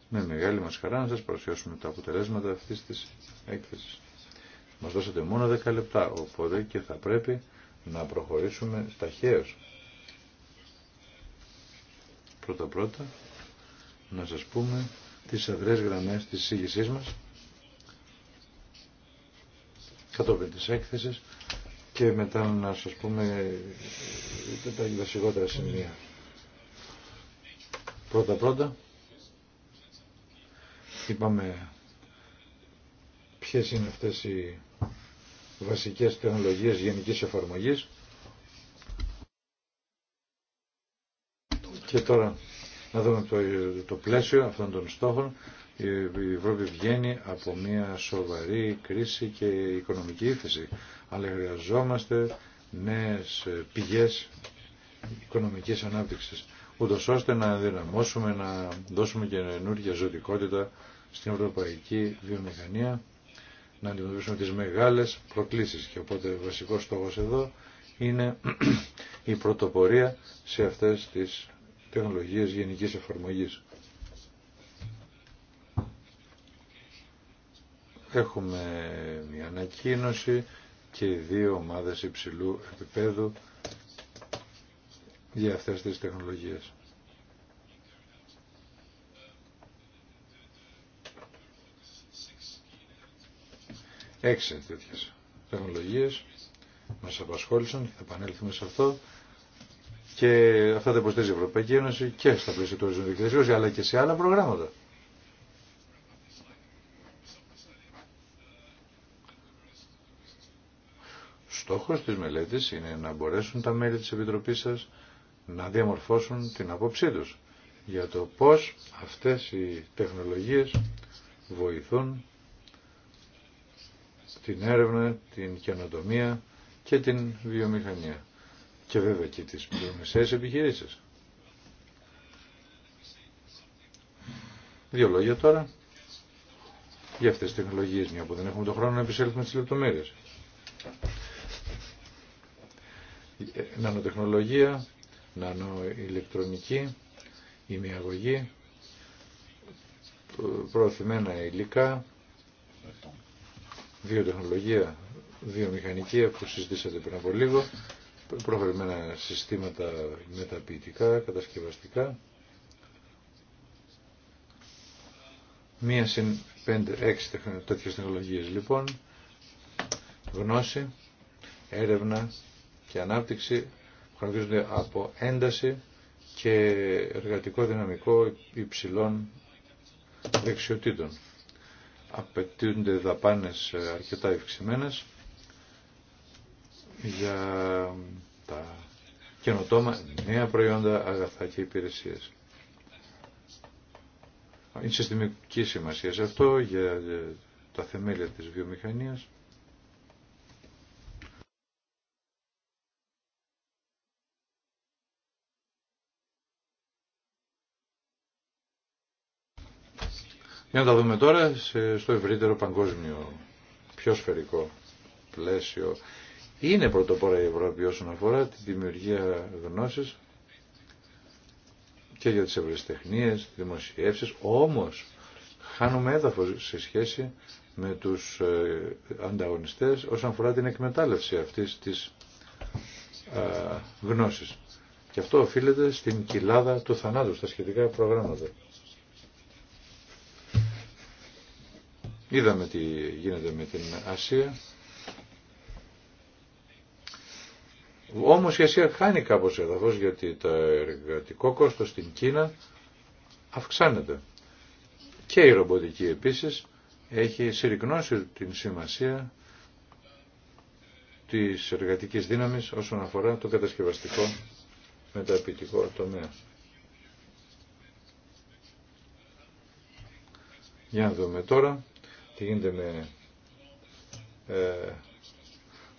Με μεγάλη μας χαρά να σας παρουσιάσουμε τα αποτελέσματα αυτής της έκθεσης. Μας δώσατε μόνο 10 λεπτά, οπότε και θα πρέπει να προχωρήσουμε ταχαίως. Πρώτα-πρώτα να σας πούμε τις αδρές γραμμές της εισήγησής μας κατόπιν της έκθεσης και μετά να σας πούμε τα βασικότερα σημεία. Πρώτα πρώτα είπαμε ποιες είναι αυτές οι βασικές τεχνολογίες γενικής εφαρμογής και τώρα να δούμε το, το πλαίσιο αυτών των στόχων. Η Ευρώπη βγαίνει από μια σοβαρή κρίση και οικονομική ύφεση, αλλά χρειαζόμαστε νέες πηγές οικονομικής ανάπτυξης, ούτω ώστε να δυναμώσουμε, να δώσουμε και ενούργια ζωτικότητα στην ευρωπαϊκή βιομηχανία, να αντιμετωπίσουμε τις μεγάλες προκλήσεις. Και οπότε βασικός στόχος εδώ είναι η πρωτοπορία σε αυτές τις τεχνολογίες γενικής εφαρμογής. Έχουμε μια ανακοίνωση και δύο ομάδες υψηλού επίπεδου για αυτές τις τεχνολογίες. Έξι τέτοιες τεχνολογίες μας απασχόλησαν και θα επανέλθουμε σε αυτό. Και αυτά τα υποστηρίζει η Ευρωπαϊκή Ένωση και στα πλαίσια του Οριζόντου αλλά και σε άλλα προγράμματα. στόχο τη μελέτη είναι να μπορέσουν τα μέλη τη επιτροπή σα να διαμορφώσουν την απόψή του για το πώ αυτέ οι τεχνολογίε βοηθούν την έρευνα, την καινοτομία και την βιομηχανία και βέβαια και τις μικρομεσαίες επιχειρήσεις. Δύο λόγια τώρα για αυτές τις τεχνολογίες, μια που δεν έχουμε τον χρόνο να επισέλθουμε στις λεπτομέρειες. Νανοτεχνολογία, νανοηλεκτρονική, ημιαγωγή, προωθημένα υλικά, βιοτεχνολογία, βιομηχανική, που συζητήσατε πριν από λίγο, προχωρημένα συστήματα μεταποιητικά, κατασκευαστικά. Μία συν πέντε έξι τέτοιες τεχνολογίες λοιπόν, γνώση, έρευνα και ανάπτυξη που από ένταση και εργατικό δυναμικό υψηλών δεξιοτήτων. Απαιτούνται δαπάνες ε, αρκετά ευξημένες για τα καινοτόμα νέα προϊόντα, αγαθά και υπηρεσίες. Είναι συστημική σημασία σε αυτό για τα θεμέλια της βιομηχανίας. Για να τα δούμε τώρα στο ευρύτερο παγκόσμιο πιο σφαιρικό πλαίσιο είναι πρωτοπόρα η Ευρώπη όσον αφορά τη δημιουργία γνώσης και για τις ευρεσιτεχνίες, δημοσιεύσεις, όμως χάνουμε έδαφος σε σχέση με τους ε, ανταγωνιστές όσον αφορά την εκμετάλλευση αυτής της ε, γνώσης. Και αυτό οφείλεται στην κοιλάδα του θανάτου στα σχετικά προγράμματα. Είδαμε τι γίνεται με την Ασία Όμως η Ασία χάνει κάπως εδαφός γιατί το εργατικό κόστος στην Κίνα αυξάνεται. Και η ρομποτική επίσης έχει συρρυκνώσει την σημασία της εργατικής δύναμης όσον αφορά το κατασκευαστικό μεταπητικό τομέα. Για να δούμε τώρα τι γίνεται με ε,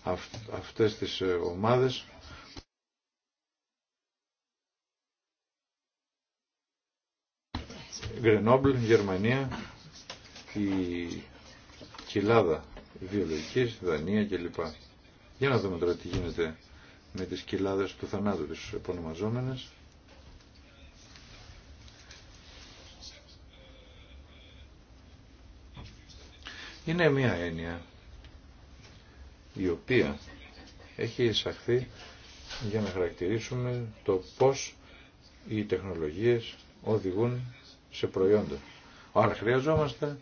αυτές τις ε, ομάδες Γκρενόμπλ, Γερμανία, η κοιλάδα βιολογική Δανία κλπ. Για να δούμε τώρα τι γίνεται με τις κοιλάδες του θανάτου, τις επωνομαζόμενες. Είναι μία έννοια η οποία έχει εισαχθεί για να χαρακτηρίσουμε το πώς οι τεχνολογίες οδηγούν σε προϊόντα. Άρα χρειαζόμαστε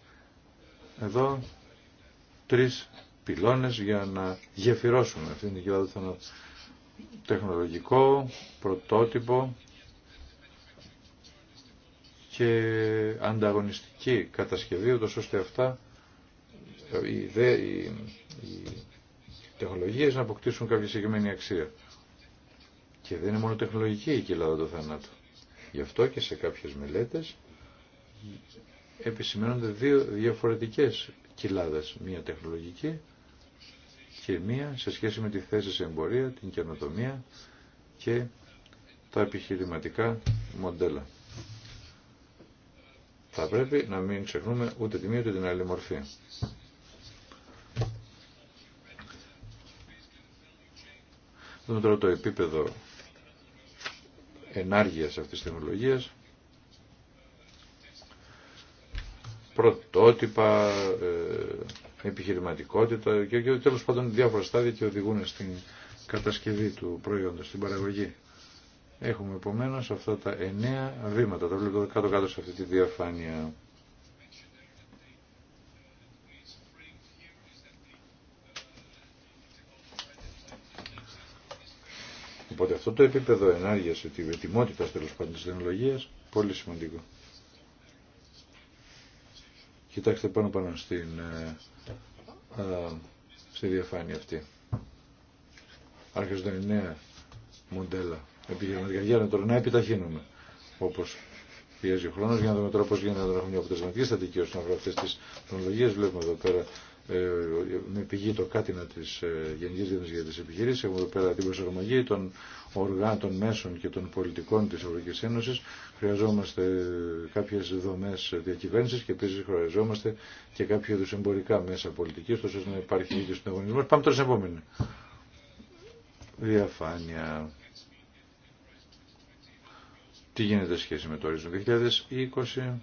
εδώ τρεις πυλώνες για να γεφυρώσουμε αυτήν την κοινότητα. τεχνολογικό, πρωτότυπο και ανταγωνιστική κατασκευή, ούτως ώστε αυτά η, η, τεχνολογίες να αποκτήσουν κάποια συγκεκριμένη αξία. Και δεν είναι μόνο τεχνολογική η κοιλάδα του θανάτου. Γι' αυτό και σε κάποιες μελέτες επισημαίνονται δύο διαφορετικές κοιλάδες. Μία τεχνολογική και μία σε σχέση με τη θέση σε εμπορία, την καινοτομία και τα επιχειρηματικά μοντέλα. Θα πρέπει να μην ξεχνούμε ούτε τη μία ούτε την άλλη μορφή. δούμε τώρα το επίπεδο ενάργειας αυτής της τεχνολογίας. Πρωτότυπα, ε, επιχειρηματικότητα και, και τέλος πάντων διάφορα στάδια και οδηγούν στην κατασκευή του προϊόντος, στην παραγωγή. Έχουμε επομένως αυτά τα εννέα βήματα, τα βλεπω κατω κάτω-κάτω σε αυτή τη διαφάνεια. το επίπεδο και τη ετοιμότητα τέλο πάντων τη τεχνολογία, πολύ σημαντικό. Κοιτάξτε πάνω πάνω στην, ε, ε, στη διαφάνεια αυτή. Άρχισαν νέα μοντέλα επιχειρηματικά για να τώρα να επιταχύνουμε όπω πιέζει ο χρόνο για να δούμε τώρα πώ γίνεται να έχουμε μια αποτελεσματική στατική όσον αφορά αυτέ τι τεχνολογίε. Βλέπουμε εδώ πέρα ε, με πηγή το κάτινα τη ε, Γενική Διεύθυνση για τι Επιχειρήσει. Έχουμε εδώ πέρα την προσαρμογή των οργάνων, των μέσων και των πολιτικών τη Ευρωπαϊκή Ένωση. Χρειαζόμαστε κάποιε δομέ διακυβέρνηση και επίση χρειαζόμαστε και κάποιο είδου εμπορικά μέσα πολιτική, ώστε να υπάρχει και στον αγωνισμό. Πάμε τώρα στην επόμενη. Διαφάνεια. Τι γίνεται σχέση με το ορίζον 2020.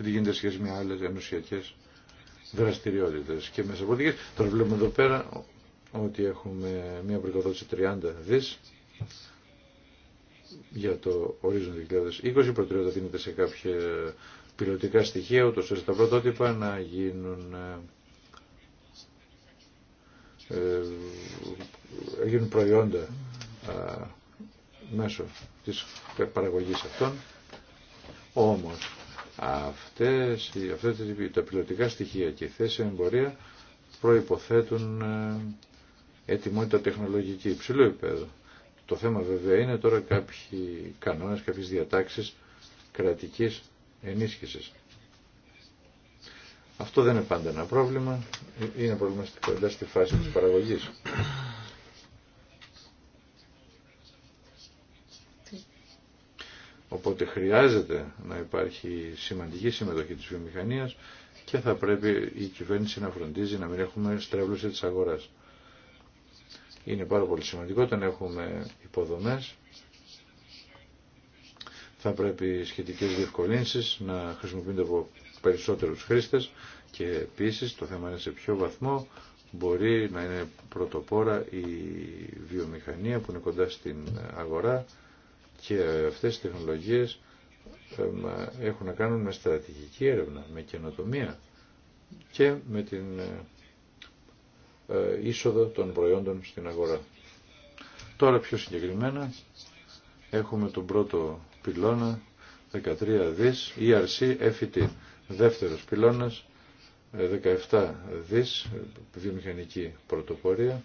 Δεν γίνεται σχέση με άλλε ενωσιακέ δραστηριότητες και μέσα πολιτικές. Τώρα βλέπουμε εδώ πέρα ότι έχουμε μια προϋποδότηση 30 δι για το ορίζον 2020. Η προτεραιότητα δίνεται σε κάποια πιλωτικά στοιχεία, ούτως ώστε τα πρωτότυπα να γίνουν ε, ε γίνουν προϊόντα ε, μέσω της παραγωγής αυτών. Όμως, Αυτές, αυτά τα πιλωτικά στοιχεία και η θέση εμπορία προϋποθέτουν ε, ετοιμότητα τεχνολογική υψηλό επίπεδο. Το θέμα βέβαια είναι τώρα κάποιοι κανόνες, κάποιες διατάξεις κρατικής ενίσχυσης. Αυτό δεν είναι πάντα ένα πρόβλημα, ε, είναι προβληματικό στη φάση της παραγωγής. Οπότε χρειάζεται να υπάρχει σημαντική συμμετοχή της βιομηχανίας και θα πρέπει η κυβέρνηση να φροντίζει να μην έχουμε στρέβλωση της αγοράς. Είναι πάρα πολύ σημαντικό όταν έχουμε υποδομές. Θα πρέπει σχετικές διευκολύνσεις να χρησιμοποιούνται από περισσότερους χρήστες και επίσης το θέμα είναι σε ποιο βαθμό μπορεί να είναι πρωτοπόρα η βιομηχανία που είναι κοντά στην αγορά και αυτές οι τεχνολογίες έχουν να κάνουν με στρατηγική έρευνα, με καινοτομία και με την ε, ε, είσοδο των προϊόντων στην αγορά. Τώρα πιο συγκεκριμένα έχουμε τον πρώτο πυλώνα 13 δις ERC FET. Δεύτερος πυλώνας 17 ε, δις βιομηχανική πρωτοπορία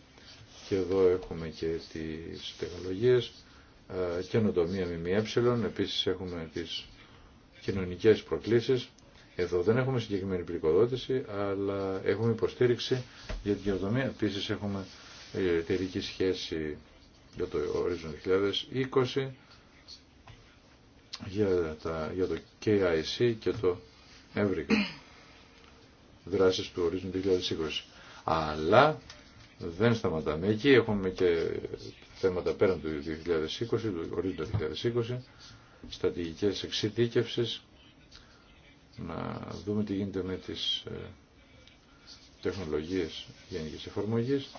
και εδώ έχουμε και τις τεχνολογίες ε, καινοτομία ΜΜΕ, επίσης έχουμε τις κοινωνικές προκλήσεις. Εδώ δεν έχουμε συγκεκριμένη πληκοδότηση, αλλά έχουμε υποστήριξη για την καινοτομία. Επίσης έχουμε ε, εταιρική σχέση για το Horizon 2020, για, τα, για το KIC και το Evrica, Δράσεις του Horizon 2020. Αλλά δεν σταματάμε εκεί. Έχουμε και θέματα πέραν του 2020, του ορίου του 2020, στατηγικές εξειδίκευσης, να δούμε τι γίνεται με τις ε, τεχνολογίες γενικής εφαρμογής.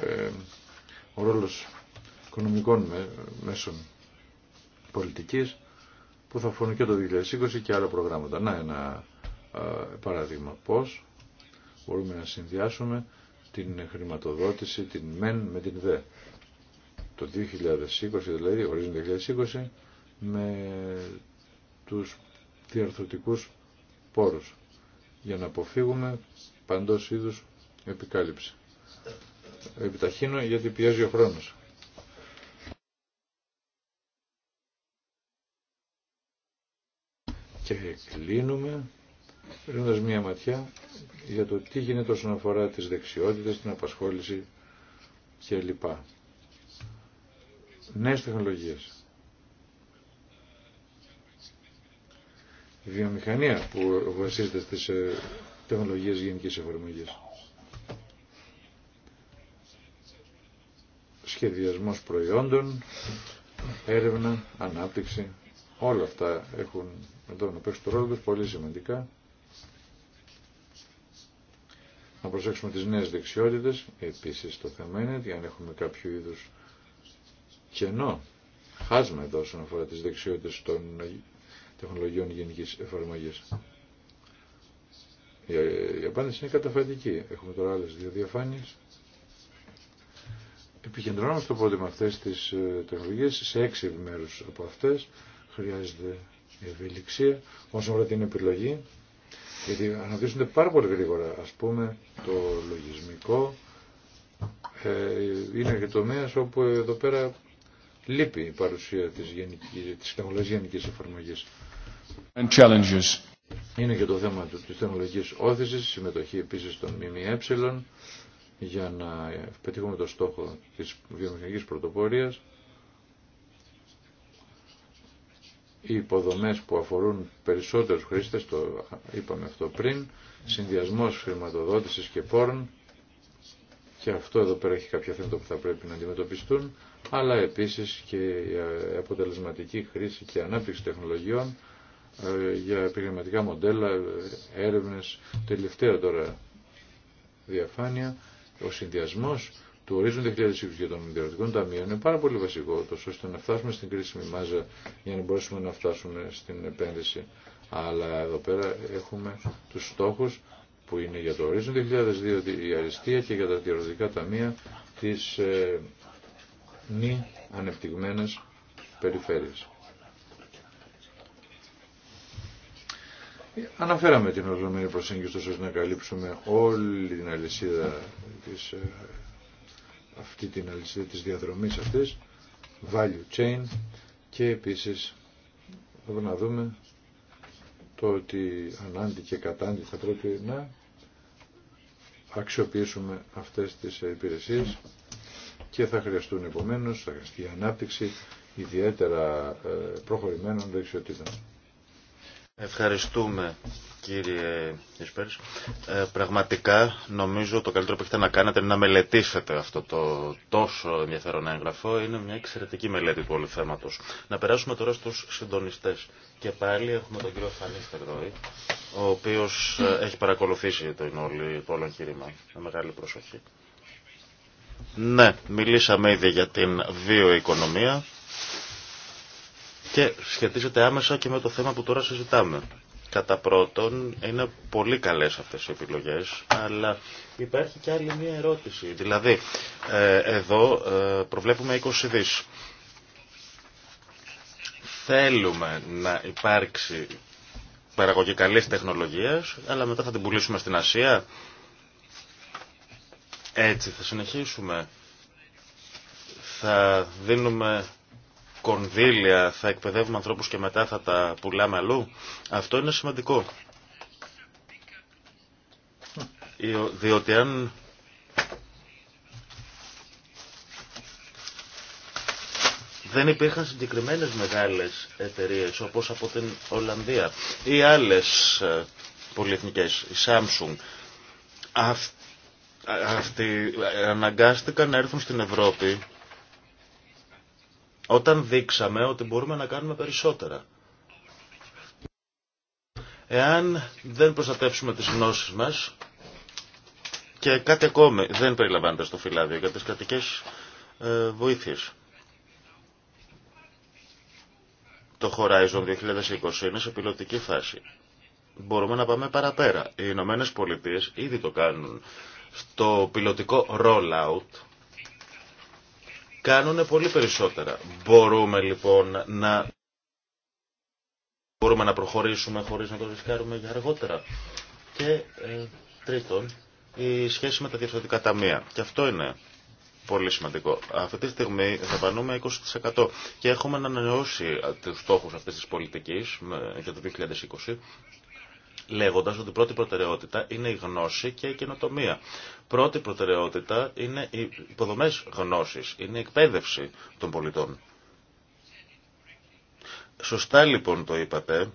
Ε, ο ρόλος οικονομικών μέσων πολιτικής που θα αφορούν και το 2020 και άλλα προγράμματα. Να ένα παράδειγμα πώς μπορούμε να συνδυάσουμε την χρηματοδότηση, την ΜΕΝ με την ΔΕ. Το 2020 δηλαδή, το 2020, με τους διαρθρωτικούς πόρους για να αποφύγουμε παντός είδους επικάλυψη. Επιταχύνω γιατί πιέζει ο χρόνος. Και κλείνουμε ρίχνοντας μία ματιά για το τι γίνεται όσον αφορά τις δεξιότητες, την απασχόληση κλπ. Νέες τεχνολογίες. Βιομηχανία που βασίζεται στις ε, τεχνολογίες γενικής εφαρμογής. Σχεδιασμός προϊόντων, έρευνα, ανάπτυξη, όλα αυτά έχουν εδώ να παίξουν το ρόλο τους πολύ σημαντικά. Να προσέξουμε τις νέες δεξιότητες. Επίσης το θέμα είναι ότι αν έχουμε κάποιο είδους κενό, χάσμα εδώ όσον αφορά τις δεξιότητες των τεχνολογιών γενικής εφαρμογής. Η απάντηση είναι καταφατική. Έχουμε τώρα άλλες δύο διαφάνειες. Επικεντρώνουμε στο πόδι με αυτές τις ε, τεχνολογίες σε έξι επιμέρους από αυτές. Χρειάζεται η ευελιξία όσον αφορά την επιλογή, γιατί αναπτύσσονται πάρα πολύ γρήγορα. Ας πούμε το λογισμικό ε, είναι και τομέα όπου εδώ πέρα λείπει η παρουσία της, γενικής, της τεχνολογίας γενικής εφαρμογής. Είναι και το θέμα της τεχνολογικής όθησης, συμμετοχή επίσης των ΜΜΕ για να πετύχουμε το στόχο της βιομηχανικής πρωτοπορίας οι υποδομές που αφορούν περισσότερους χρήστες, το είπαμε αυτό πριν, συνδυασμός χρηματοδότησης και πόρων, και αυτό εδώ πέρα έχει κάποια θέματα που θα πρέπει να αντιμετωπιστούν, αλλά επίσης και η αποτελεσματική χρήση και ανάπτυξη τεχνολογιών ε, για επιχειρηματικά μοντέλα, έρευνες, τελευταία τώρα διαφάνεια, ο συνδυασμός του ορίζουν 2020 για των ιδιωτικών ταμείων είναι πάρα πολύ βασικό, τόσο ώστε να φτάσουμε στην κρίσιμη μάζα για να μπορέσουμε να φτάσουμε στην επένδυση. Αλλά εδώ πέρα έχουμε τους στόχους που είναι για το ορίζον 2002 η αριστεία και για τα διορθωτικά ταμεία της ε, μη ανεπτυγμένες περιφέρειες. Αναφέραμε την ορισμένη προσέγγιση ώστε να καλύψουμε όλη την αλυσίδα της ε, αυτή την αλυσίδα της διαδρομής αυτής, value chain και επίσης εδώ να δούμε το ότι ανάντι και κατάντι θα πρέπει να αξιοποιήσουμε αυτές τις υπηρεσίες και θα χρειαστούν επομένως, θα χρειαστεί η ανάπτυξη ιδιαίτερα ε, προχωρημένων δεξιοτήτων. Ευχαριστούμε κύριε Ισπέρης. Ε, πραγματικά νομίζω το καλύτερο που έχετε να κάνετε είναι να μελετήσετε αυτό το τόσο ενδιαφέρον έγγραφο. Είναι μια εξαιρετική μελέτη του όλου θέματος. Να περάσουμε τώρα στους συντονιστές. Και πάλι έχουμε τον κύριο Φανίστερ ο οποίος ε, έχει παρακολουθήσει το, όλη, το όλο εγχείρημα με μεγάλη προσοχή. Ναι, μιλήσαμε ήδη για την βιοοικονομία και σχετίζεται άμεσα και με το θέμα που τώρα συζητάμε. Κατά πρώτον, είναι πολύ καλές αυτές οι επιλογές, αλλά υπάρχει και άλλη μία ερώτηση. Δηλαδή, ε, εδώ ε, προβλέπουμε 20 δις. Θέλουμε να υπάρξει παραγωγή καλής τεχνολογίας, αλλά μετά θα την πουλήσουμε στην Ασία. Έτσι θα συνεχίσουμε. Θα δίνουμε κονδύλια θα εκπαιδεύουμε ανθρώπους και μετά θα τα πουλάμε αλλού. Αυτό είναι σημαντικό. Διότι αν δεν υπήρχαν συγκεκριμένες μεγάλες εταιρείες όπως από την Ολλανδία ή άλλες ε, πολυεθνικές, η Samsung, αυτοί αναγκάστηκαν να έρθουν στην Ευρώπη όταν δείξαμε ότι μπορούμε να κάνουμε περισσότερα. Εάν δεν προστατεύσουμε τις γνώσεις μας και κάτι ακόμη δεν περιλαμβάνεται στο φυλάδιο για τις κρατικές ε, βοήθειες. Το Horizon 2020 είναι σε πιλωτική φάση. Μπορούμε να πάμε παραπέρα. Οι Ηνωμένε Πολιτείε ήδη το κάνουν στο πιλωτικό rollout Κάνουν πολύ περισσότερα. Μπορούμε λοιπόν να μπορούμε να προχωρήσουμε χωρίς να το ρισκάρουμε για αργότερα. Και ε, τρίτον, η σχέση με τα διευθυντικά ταμεία. Και αυτό είναι πολύ σημαντικό. Αυτή τη στιγμή δαπανούμε 20% και έχουμε ανανεώσει τους στόχους αυτής της πολιτικής ε, για το 2020 λέγοντας ότι πρώτη προτεραιότητα είναι η γνώση και η καινοτομία. Πρώτη προτεραιότητα είναι οι υποδομές γνώσης, είναι η εκπαίδευση των πολιτών. Σωστά λοιπόν το είπατε,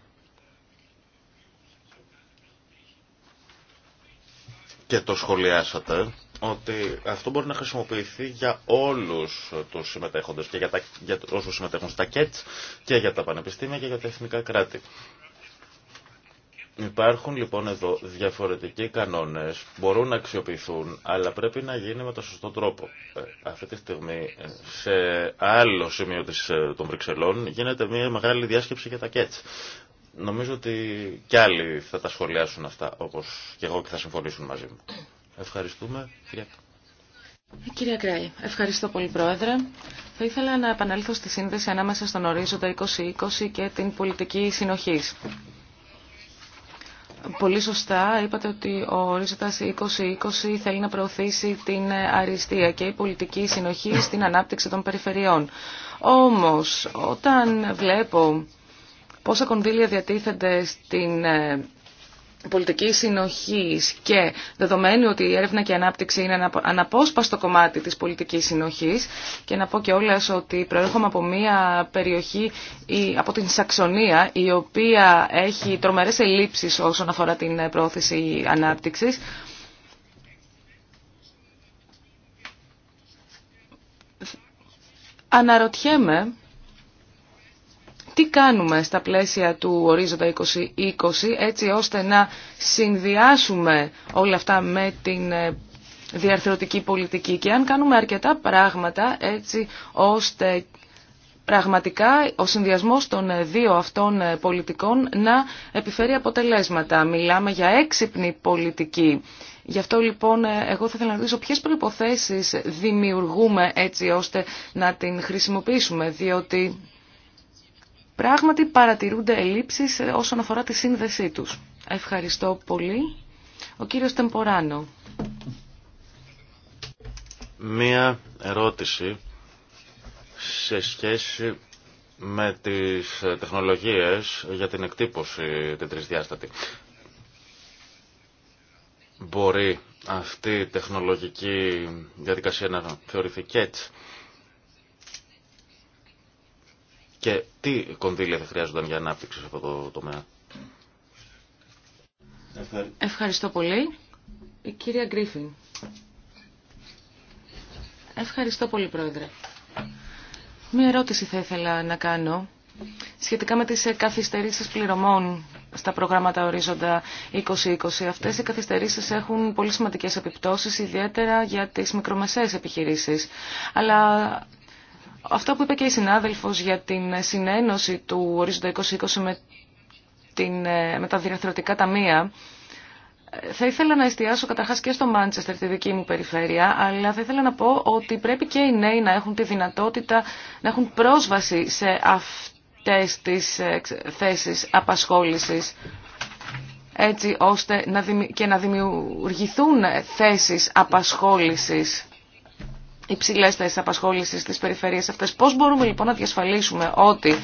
και το σχολιάσατε ότι αυτό μπορεί να χρησιμοποιηθεί για όλους τους συμμετέχοντες και για, τα, για όσους συμμετέχουν στα ΚΕΤ και για τα πανεπιστήμια και για τα εθνικά κράτη. Υπάρχουν λοιπόν εδώ διαφορετικοί κανόνες, μπορούν να αξιοποιηθούν, αλλά πρέπει να γίνει με τον σωστό τρόπο. Ε, αυτή τη στιγμή ε, σε άλλο σημείο της, ε, των Βρυξελών γίνεται μια μεγάλη διάσκεψη για τα ΚΕΤΣ. Νομίζω ότι κι άλλοι θα τα σχολιάσουν αυτά, όπως και εγώ και θα συμφωνήσουν μαζί μου. Ευχαριστούμε. Κυρία, Κυρία ευχαριστώ πολύ Πρόεδρε. Θα ήθελα να επανέλθω στη σύνδεση ανάμεσα στον ορίζοντα 2020 και την πολιτική συνοχής. Πολύ σωστά είπατε ότι ο ορίζοντας 2020 θέλει να προωθήσει την αριστεία και η πολιτική συνοχή στην ανάπτυξη των περιφερειών. Όμως, όταν βλέπω πόσα κονδύλια διατίθενται στην ε, πολιτική συνοχή και δεδομένου ότι η έρευνα και η ανάπτυξη είναι αναπόσπαστο κομμάτι της πολιτική συνοχής και να πω και ότι προέρχομαι από μια περιοχή από την Σαξονία η οποία έχει τρομερές ελλειψει όσον αφορά την πρόθεση ανάπτυξης αναρωτιέμαι τι κάνουμε στα πλαίσια του ορίζοντα 2020 έτσι ώστε να συνδυάσουμε όλα αυτά με την ε, διαρθρωτική πολιτική και αν κάνουμε αρκετά πράγματα έτσι ώστε πραγματικά ο συνδυασμός των ε, δύο αυτών ε, πολιτικών να επιφέρει αποτελέσματα. Μιλάμε για έξυπνη πολιτική. Γι' αυτό λοιπόν εγώ θα ήθελα να ρωτήσω ποιες προϋποθέσεις δημιουργούμε έτσι ώστε να την χρησιμοποιήσουμε διότι Πράγματι παρατηρούνται ελλείψεις ε, όσον αφορά τη σύνδεσή τους. Ευχαριστώ πολύ. Ο κύριος Τεμποράνο. Μία ερώτηση σε σχέση με τις ε, τεχνολογίες για την εκτύπωση την τρισδιάστατη. Μπορεί αυτή η τεχνολογική διαδικασία να θεωρηθεί και έτσι. και τι κονδύλια θα χρειάζονταν για ανάπτυξη σε αυτό το τομέα. Ευχαριστώ πολύ. Η κυρία Γκρίφιν. Ευχαριστώ πολύ, Πρόεδρε. Μία ερώτηση θα ήθελα να κάνω σχετικά με τις καθυστερήσεις πληρωμών στα προγράμματα ορίζοντα 2020. Αυτές οι καθυστερήσεις έχουν πολύ σημαντικές επιπτώσεις, ιδιαίτερα για τις μικρομεσαίες επιχειρήσεις. Αλλά αυτό που είπε και η συνάδελφος για την συνένωση του ορίζοντα 2020 με, την, ε, με τα διαθερωτικά ταμεία, ε, θα ήθελα να εστιάσω καταρχάς και στο Μάντσεστερ, τη δική μου περιφέρεια, αλλά θα ήθελα να πω ότι πρέπει και οι νέοι να έχουν τη δυνατότητα να έχουν πρόσβαση σε αυτές τις ε, θέσεις απασχόλησης έτσι ώστε και να δημιουργηθούν θέσεις απασχόλησης υψηλέ θέσει απασχόληση στι περιφέρειε αυτέ. Πώ μπορούμε λοιπόν να διασφαλίσουμε ότι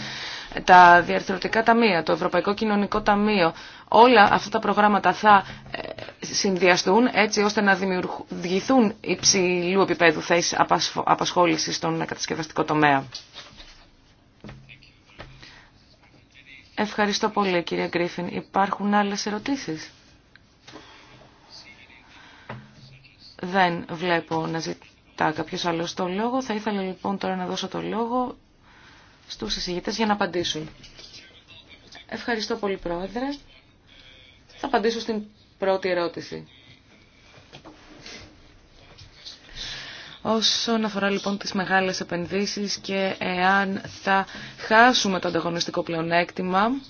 τα διαρθρωτικά ταμεία, το Ευρωπαϊκό Κοινωνικό Ταμείο, όλα αυτά τα προγράμματα θα ε, συνδυαστούν έτσι ώστε να δημιουργηθούν υψηλού επίπεδου θέσει απασχόληση στον κατασκευαστικό τομέα. Ευχαριστώ πολύ κύριε Γκρίφιν. Υπάρχουν άλλες ερωτήσεις. Δεν βλέπω να ζητήσω ζητά κάποιος το λόγο. Θα ήθελα λοιπόν τώρα να δώσω το λόγο στους εισηγητές για να απαντήσουν. Ευχαριστώ πολύ Πρόεδρε. Θα απαντήσω στην πρώτη ερώτηση. Όσον αφορά λοιπόν τις μεγάλες επενδύσεις και εάν θα χάσουμε το ανταγωνιστικό πλεονέκτημα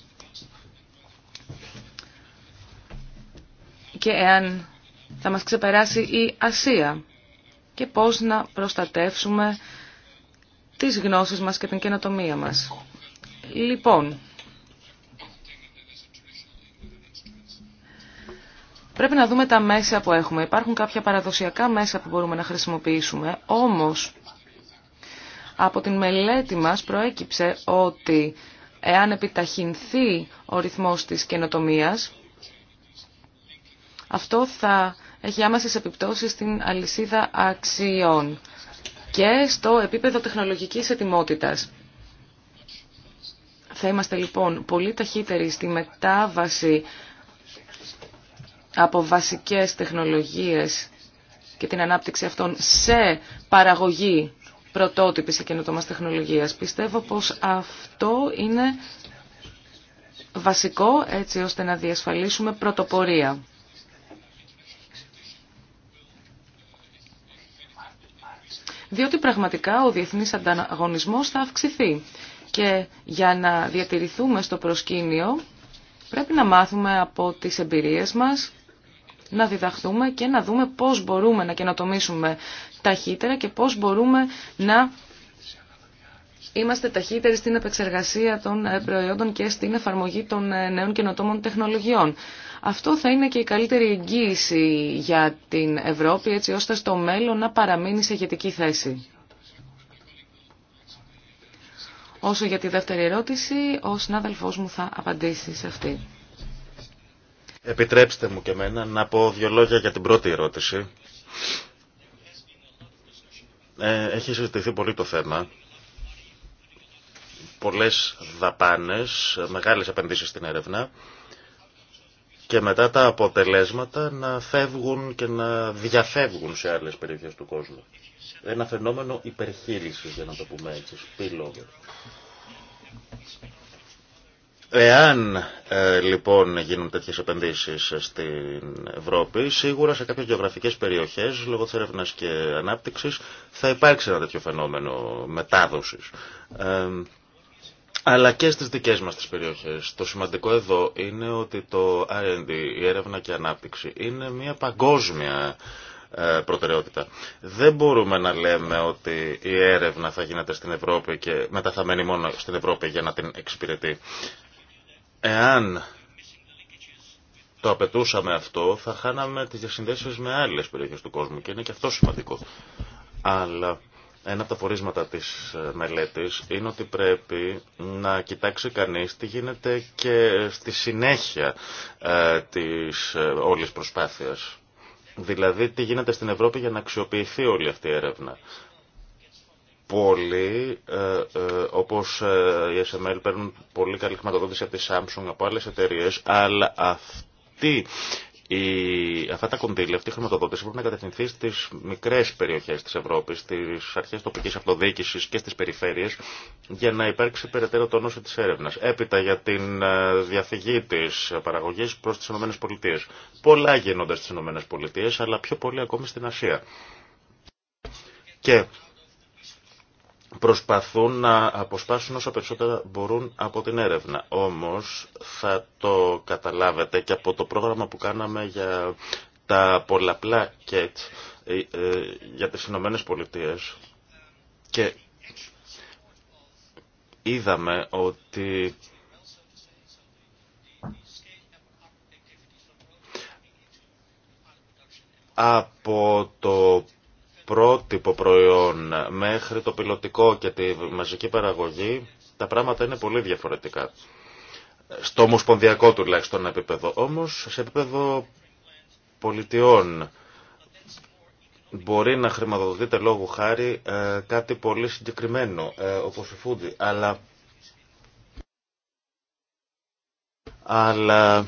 και εάν θα μας ξεπεράσει η Ασία και πώς να προστατεύσουμε τις γνώσεις μας και την καινοτομία μας. Λοιπόν, πρέπει να δούμε τα μέσα που έχουμε. Υπάρχουν κάποια παραδοσιακά μέσα που μπορούμε να χρησιμοποιήσουμε, όμως από την μελέτη μας προέκυψε ότι εάν επιταχυνθεί ο ρυθμός της καινοτομίας, αυτό θα έχει άμεσες επιπτώσεις στην αλυσίδα αξιών και στο επίπεδο τεχνολογικής ετοιμότητας. Θα είμαστε λοιπόν πολύ ταχύτεροι στη μετάβαση από βασικές τεχνολογίες και την ανάπτυξη αυτών σε παραγωγή πρωτότυπης και καινοτομάς τεχνολογίας. Πιστεύω πως αυτό είναι βασικό έτσι ώστε να διασφαλίσουμε πρωτοπορία. διότι πραγματικά ο διεθνής ανταγωνισμός θα αυξηθεί. Και για να διατηρηθούμε στο προσκήνιο πρέπει να μάθουμε από τις εμπειρίες μας, να διδαχθούμε και να δούμε πώς μπορούμε να καινοτομήσουμε ταχύτερα και πώς μπορούμε να είμαστε ταχύτεροι στην επεξεργασία των ε, προϊόντων και στην εφαρμογή των ε, νέων καινοτόμων τεχνολογιών. Αυτό θα είναι και η καλύτερη εγγύηση για την Ευρώπη έτσι ώστε στο μέλλον να παραμείνει σε ηγετική θέση. Όσο για τη δεύτερη ερώτηση, ο συνάδελφός μου θα απαντήσει σε αυτή. Επιτρέψτε μου και εμένα να πω δύο λόγια για την πρώτη ερώτηση. Ε, έχει συζητηθεί πολύ το θέμα πολλές δαπάνες, μεγάλες επενδύσεις στην έρευνα και μετά τα αποτελέσματα να φεύγουν και να διαφεύγουν σε άλλες περιοχές του κόσμου. Ένα φαινόμενο υπερχείλησης, για να το πούμε έτσι, spillover. Εάν ε, λοιπόν γίνουν τέτοιες επενδύσεις στην Ευρώπη, σίγουρα σε κάποιες γεωγραφικές περιοχές, λόγω της έρευνα και ανάπτυξης, θα υπάρξει ένα τέτοιο φαινόμενο μετάδοσης. Ε, αλλά και στις δικές μας τις περιοχές. Το σημαντικό εδώ είναι ότι το R&D, η έρευνα και ανάπτυξη, είναι μια παγκόσμια ε, προτεραιότητα. Δεν μπορούμε να λέμε ότι η έρευνα θα γίνεται στην Ευρώπη και μετά θα μένει μόνο στην Ευρώπη για να την εξυπηρετεί. Εάν το απαιτούσαμε αυτό, θα χάναμε τις διασυνδέσεις με άλλες περιοχές του κόσμου και είναι και αυτό σημαντικό. Αλλά ένα από τα πορίσματα της ε, μελέτης είναι ότι πρέπει να κοιτάξει κανείς τι γίνεται και στη συνέχεια ε, της ε, όλης προσπάθειας. Δηλαδή τι γίνεται στην Ευρώπη για να αξιοποιηθεί όλη αυτή η έρευνα. Πολλοί, ε, όπως η SML, παίρνουν πολύ καλή χρηματοδότηση από τη Samsung, από άλλες εταιρείες, αλλά αυτή αυτά τα κονδύλια, αυτή η χρηματοδότηση πρέπει να κατευθυνθεί στι μικρέ περιοχέ τη Ευρώπη, στι αρχέ τοπική αυτοδιοίκηση και στι περιφέρειε, για να υπάρξει περαιτέρω τόνωση τη έρευνα. Έπειτα για την ε, διαφυγή τη παραγωγή προ τι ΗΠΑ. Πολλά γίνονται στι ΗΠΑ, αλλά πιο πολύ ακόμη στην Ασία. Και προσπαθούν να αποσπάσουν όσα περισσότερα μπορούν από την έρευνα. Όμως θα το καταλάβετε και από το πρόγραμμα που κάναμε για τα πολλαπλά ΚΕΤ για τις Ηνωμένε Πολιτείες και είδαμε ότι από το πρότυπο προϊόν μέχρι το πιλωτικό και τη μαζική παραγωγή, τα πράγματα είναι πολύ διαφορετικά. Στο ομοσπονδιακό τουλάχιστον επίπεδο. Όμως σε επίπεδο πολιτιών μπορεί να χρηματοδοτείται λόγου χάρη ε, κάτι πολύ συγκεκριμένο, ε, όπως η φούντι. Αλλά... Αλλά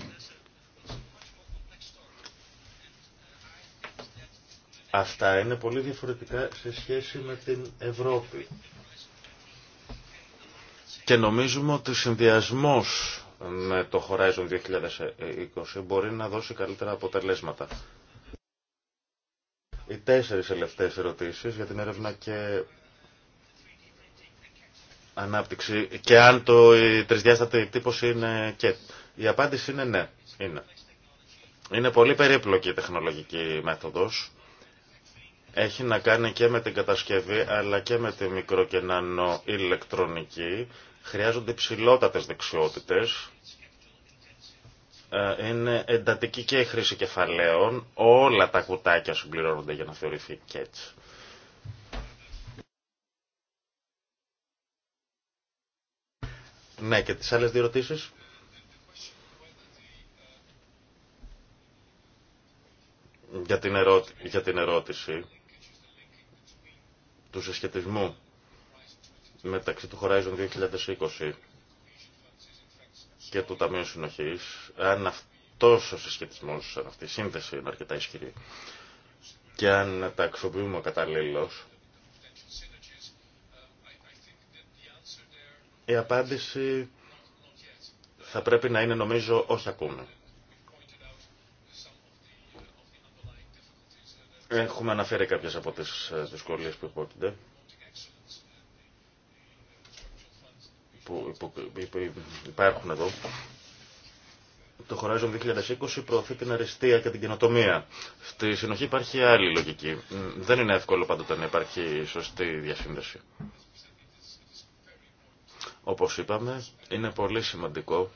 Αυτά είναι πολύ διαφορετικά σε σχέση με την Ευρώπη. Και νομίζουμε ότι συνδυασμός με το Horizon 2020 μπορεί να δώσει καλύτερα αποτελέσματα. Οι τέσσερις ελευταίες ερωτήσεις για την έρευνα και ανάπτυξη και αν το, η τρισδιάστατη εκτύπωση είναι και. Η απάντηση είναι ναι, είναι. Είναι πολύ περίπλοκη η τεχνολογική μέθοδος έχει να κάνει και με την κατασκευή αλλά και με τη μικροκενάνο ηλεκτρονική. Χρειάζονται υψηλότατες δεξιότητες. Ε, είναι εντατική και η χρήση κεφαλαίων. Όλα τα κουτάκια συμπληρώνονται για να θεωρηθεί και έτσι. Ναι, και τις άλλες δύο ερωτήσεις. Για την, για την ερώτηση του συσχετισμού μεταξύ του Horizon 2020 και του Ταμείου Συνοχής, αν αυτός ο συσχετισμός, αν αυτή η σύνδεση είναι αρκετά ισχυρή και αν τα αξιοποιούμε καταλήλως, η απάντηση θα πρέπει να είναι νομίζω όχι ακόμα. Έχουμε αναφέρει κάποιες από τις ε, δυσκολίες που υπόκεινται. που υπάρχουν εδώ. Το Horizon 2020 προωθεί την αριστεία και την καινοτομία. Στη συνοχή υπάρχει άλλη λογική. Δεν είναι εύκολο πάντοτε να υπάρχει σωστή διασύνδεση. Όπως είπαμε, είναι πολύ σημαντικό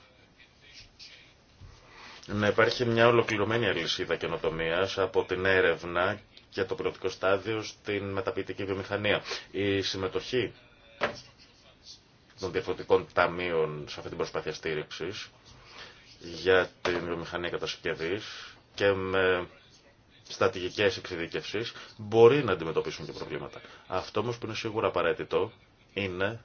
να υπάρχει μια ολοκληρωμένη αλυσίδα καινοτομία από την έρευνα και το πιλωτικό στάδιο στην μεταποιητική βιομηχανία. Η συμμετοχή των διαφορετικών ταμείων σε αυτή την προσπάθεια στήριξη για την βιομηχανία κατασκευή και με στρατηγικέ εξειδικευσεί μπορεί να αντιμετωπίσουν και προβλήματα. Αυτό όμω που είναι σίγουρα απαραίτητο είναι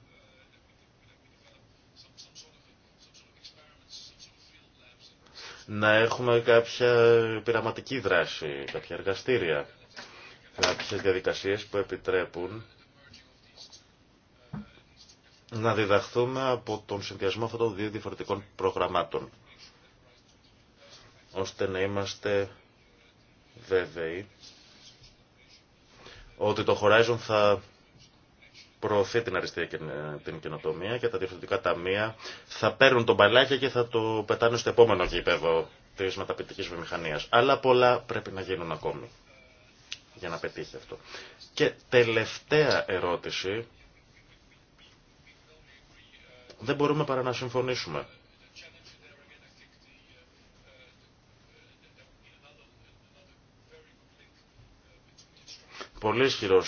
να έχουμε κάποια πειραματική δράση, κάποια εργαστήρια, κάποιες διαδικασίες που επιτρέπουν να διδαχθούμε από τον συνδυασμό αυτών των δύο διαφορετικών προγραμμάτων, ώστε να είμαστε βέβαιοι ότι το Horizon θα προωθεί την αριστεία και ε, την καινοτομία και τα διευθυντικά ταμεία θα παίρνουν τον μπαλάκι και θα το πετάνε στο επόμενο γήπεδο τη μεταπητική βιομηχανία. Αλλά πολλά πρέπει να γίνουν ακόμη για να πετύχει αυτό. Και τελευταία ερώτηση. Δεν μπορούμε παρά να συμφωνήσουμε. πολύ ισχυρό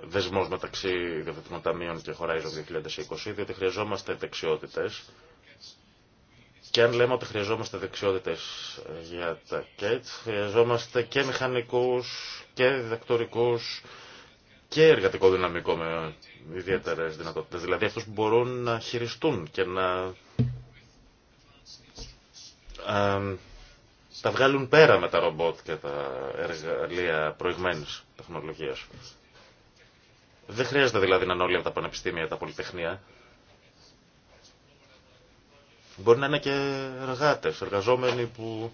δεσμό μεταξύ διαθετικών ταμείων και Horizon 2020, διότι χρειαζόμαστε δεξιότητε. Και αν λέμε ότι χρειαζόμαστε δεξιότητε για τα ΚΕΤ, χρειαζόμαστε και μηχανικού και διδακτορικού και εργατικό δυναμικό με ιδιαίτερε δυνατότητε. Δηλαδή αυτού που μπορούν να χειριστούν και να τα βγάλουν πέρα με τα ρομπότ και τα εργαλεία προηγμένης τεχνολογία. Δεν χρειάζεται δηλαδή να είναι όλοι από τα πανεπιστήμια, τα πολυτεχνία. Μπορεί να είναι και εργάτες, εργαζόμενοι που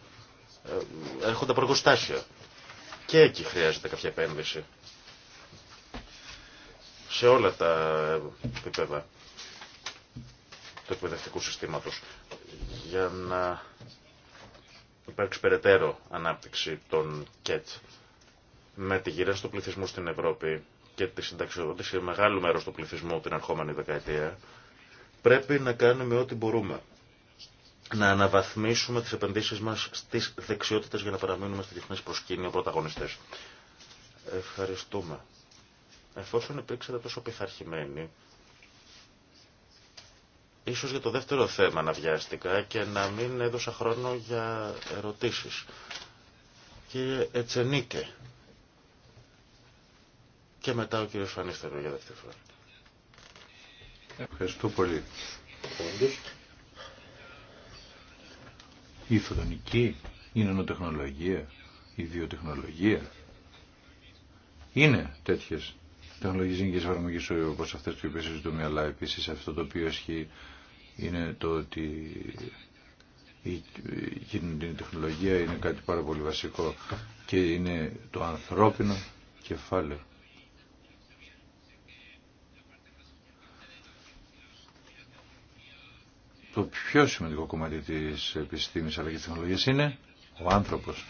ε, έρχονται από εργοστάσια. Και εκεί χρειάζεται κάποια επένδυση. Σε όλα τα επίπεδα του εκπαιδευτικού συστήματος. Για να υπάρξει περαιτέρω ανάπτυξη των ΚΕΤ με τη γυρά του πληθυσμού στην Ευρώπη και τη συνταξιοδότηση μεγάλου μέρους του πληθυσμού την ερχόμενη δεκαετία, πρέπει να κάνουμε ό,τι μπορούμε. Να αναβαθμίσουμε τις επενδύσεις μας στις δεξιότητες για να παραμείνουμε στη διεθνή προσκήνιο πρωταγωνιστές. Ευχαριστούμε. Εφόσον υπήρξατε τόσο πειθαρχημένοι, ίσως για το δεύτερο θέμα να βιάστηκα και να μην έδωσα χρόνο για ερωτήσεις. Κύριε Ετσενίκε, και μετά ο κύριος Φανίστερο για δεύτερη φορά. Ευχαριστώ πολύ. Η φωτονική, η νοτεχνολογία, η βιοτεχνολογία. Είναι τέτοιες τεχνολογίε γενική εφαρμογές όπως αυτές που είπε συζητούμε, αλλά επίσης αυτό το οποίο ισχύει είναι το ότι η κοινωνική τεχνολογία είναι κάτι πάρα πολύ βασικό και είναι το ανθρώπινο κεφάλαιο. το πιο σημαντικό κομμάτι της επιστήμης αλλά και της τεχνολογίας είναι ο άνθρωπος.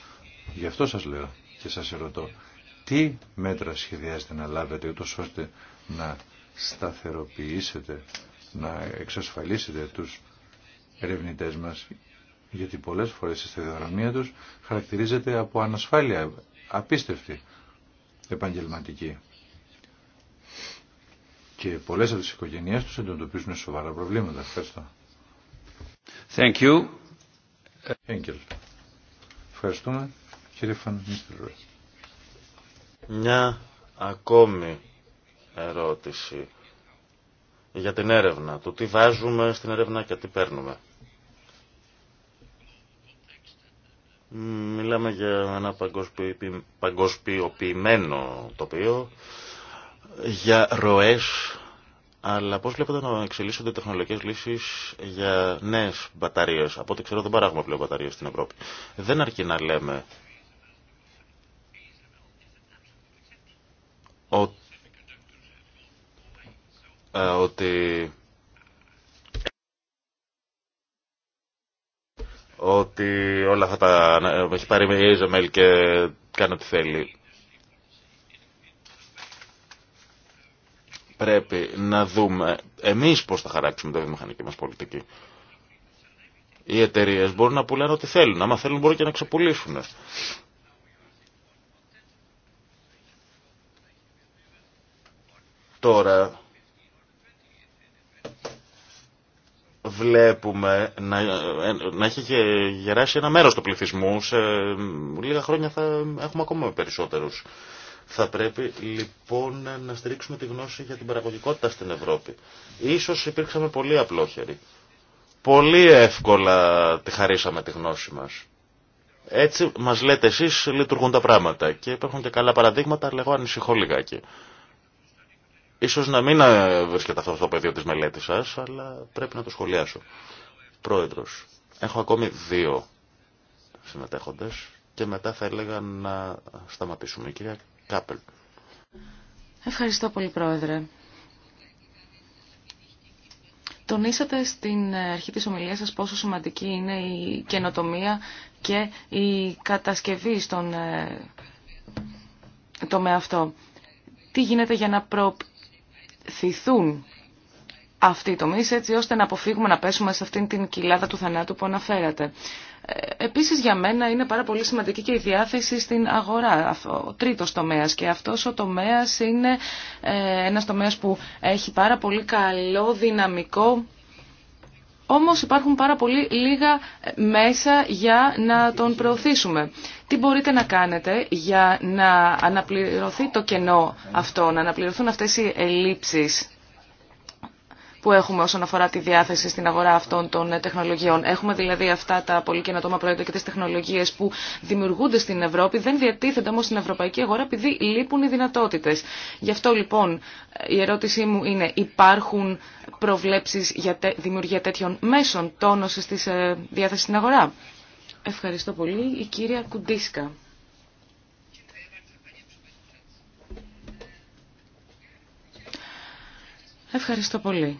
Γι' αυτό σας λέω και σας ερωτώ τι μέτρα σχεδιάζετε να λάβετε ούτως ώστε να σταθεροποιήσετε, να εξασφαλίσετε τους ερευνητές μας γιατί πολλές φορές η σταδιοδρομία τους χαρακτηρίζεται από ανασφάλεια απίστευτη επαγγελματική. Και πολλές από τις οικογένειές τους αντιμετωπίζουν σοβαρά προβλήματα. Ευχαριστώ. Ευχαριστούμε. Μια ακόμη ερώτηση για την έρευνα. Το τι βάζουμε στην έρευνα και τι παίρνουμε. Μιλάμε για ένα παγκοσμιοποιημένο τοπίο, για ροές αλλά πώς βλέπετε να εξελίσσονται τεχνολογικές λύσεις για νέες μπαταρίες. Από ό,τι ξέρω δεν παράγουμε πλέον μπαταρίες στην Ευρώπη. Δεν αρκεί να λέμε ότι ε, ότι όλα αυτά τα ε, έχει πάρει η και κάνει ό,τι θέλει. πρέπει να δούμε εμείς πώς θα χαράξουμε τη βιομηχανική μας πολιτική. Οι εταιρείε μπορούν να πουλάνε ό,τι θέλουν. Άμα θέλουν μπορούν και να ξεπουλήσουν. Τώρα βλέπουμε να, να έχει γεράσει ένα μέρος του πληθυσμού. Σε λίγα χρόνια θα έχουμε ακόμα περισσότερους. Θα πρέπει λοιπόν να στηρίξουμε τη γνώση για την παραγωγικότητα στην Ευρώπη. Ίσως υπήρξαμε πολύ απλόχεροι. Πολύ εύκολα τη χαρίσαμε τη γνώση μας. Έτσι μας λέτε εσείς λειτουργούν τα πράγματα και υπάρχουν και καλά παραδείγματα αλλά εγώ ανησυχώ λιγάκι. Ίσως να μην ε, βρίσκεται αυτό το πεδίο της μελέτης σας αλλά πρέπει να το σχολιάσω. Πρόεδρος, έχω ακόμη δύο συμμετέχοντες και μετά θα έλεγα να σταματήσουμε. Κυρία Ευχαριστώ πολύ, Πρόεδρε. Τονίσατε στην αρχή της ομιλίας σας πόσο σημαντική είναι η καινοτομία και η κατασκευή στον ε, τομέα αυτό. Τι γίνεται για να προωθηθούν αυτή οι τομείς έτσι ώστε να αποφύγουμε να πέσουμε σε αυτήν την κοιλάδα του θανάτου που αναφέρατε. Ε, επίσης για μένα είναι πάρα πολύ σημαντική και η διάθεση στην αγορά, ο τρίτος τομέας και αυτός ο τομέας είναι ε, ένας τομέας που έχει πάρα πολύ καλό δυναμικό όμως υπάρχουν πάρα πολύ λίγα ε, μέσα για να τον προωθήσουμε. Τι μπορείτε να κάνετε για να αναπληρωθεί το κενό αυτό, να αναπληρωθούν αυτές οι ελλείψεις που έχουμε όσον αφορά τη διάθεση στην αγορά αυτών των ε, τεχνολογιών. Έχουμε δηλαδή αυτά τα πολύ καινοτόμα προϊόντα και τι τεχνολογίε που δημιουργούνται στην Ευρώπη, δεν διατίθενται όμω στην ευρωπαϊκή αγορά επειδή λείπουν οι δυνατότητε. Γι' αυτό λοιπόν ε, η ερώτησή μου είναι, υπάρχουν προβλέψει για δημιουργία τέτοιων μέσων τόνωση τη ε, διάθεση στην αγορά. Ευχαριστώ πολύ. Η κυρία Κουντίσκα. Ευχαριστώ πολύ.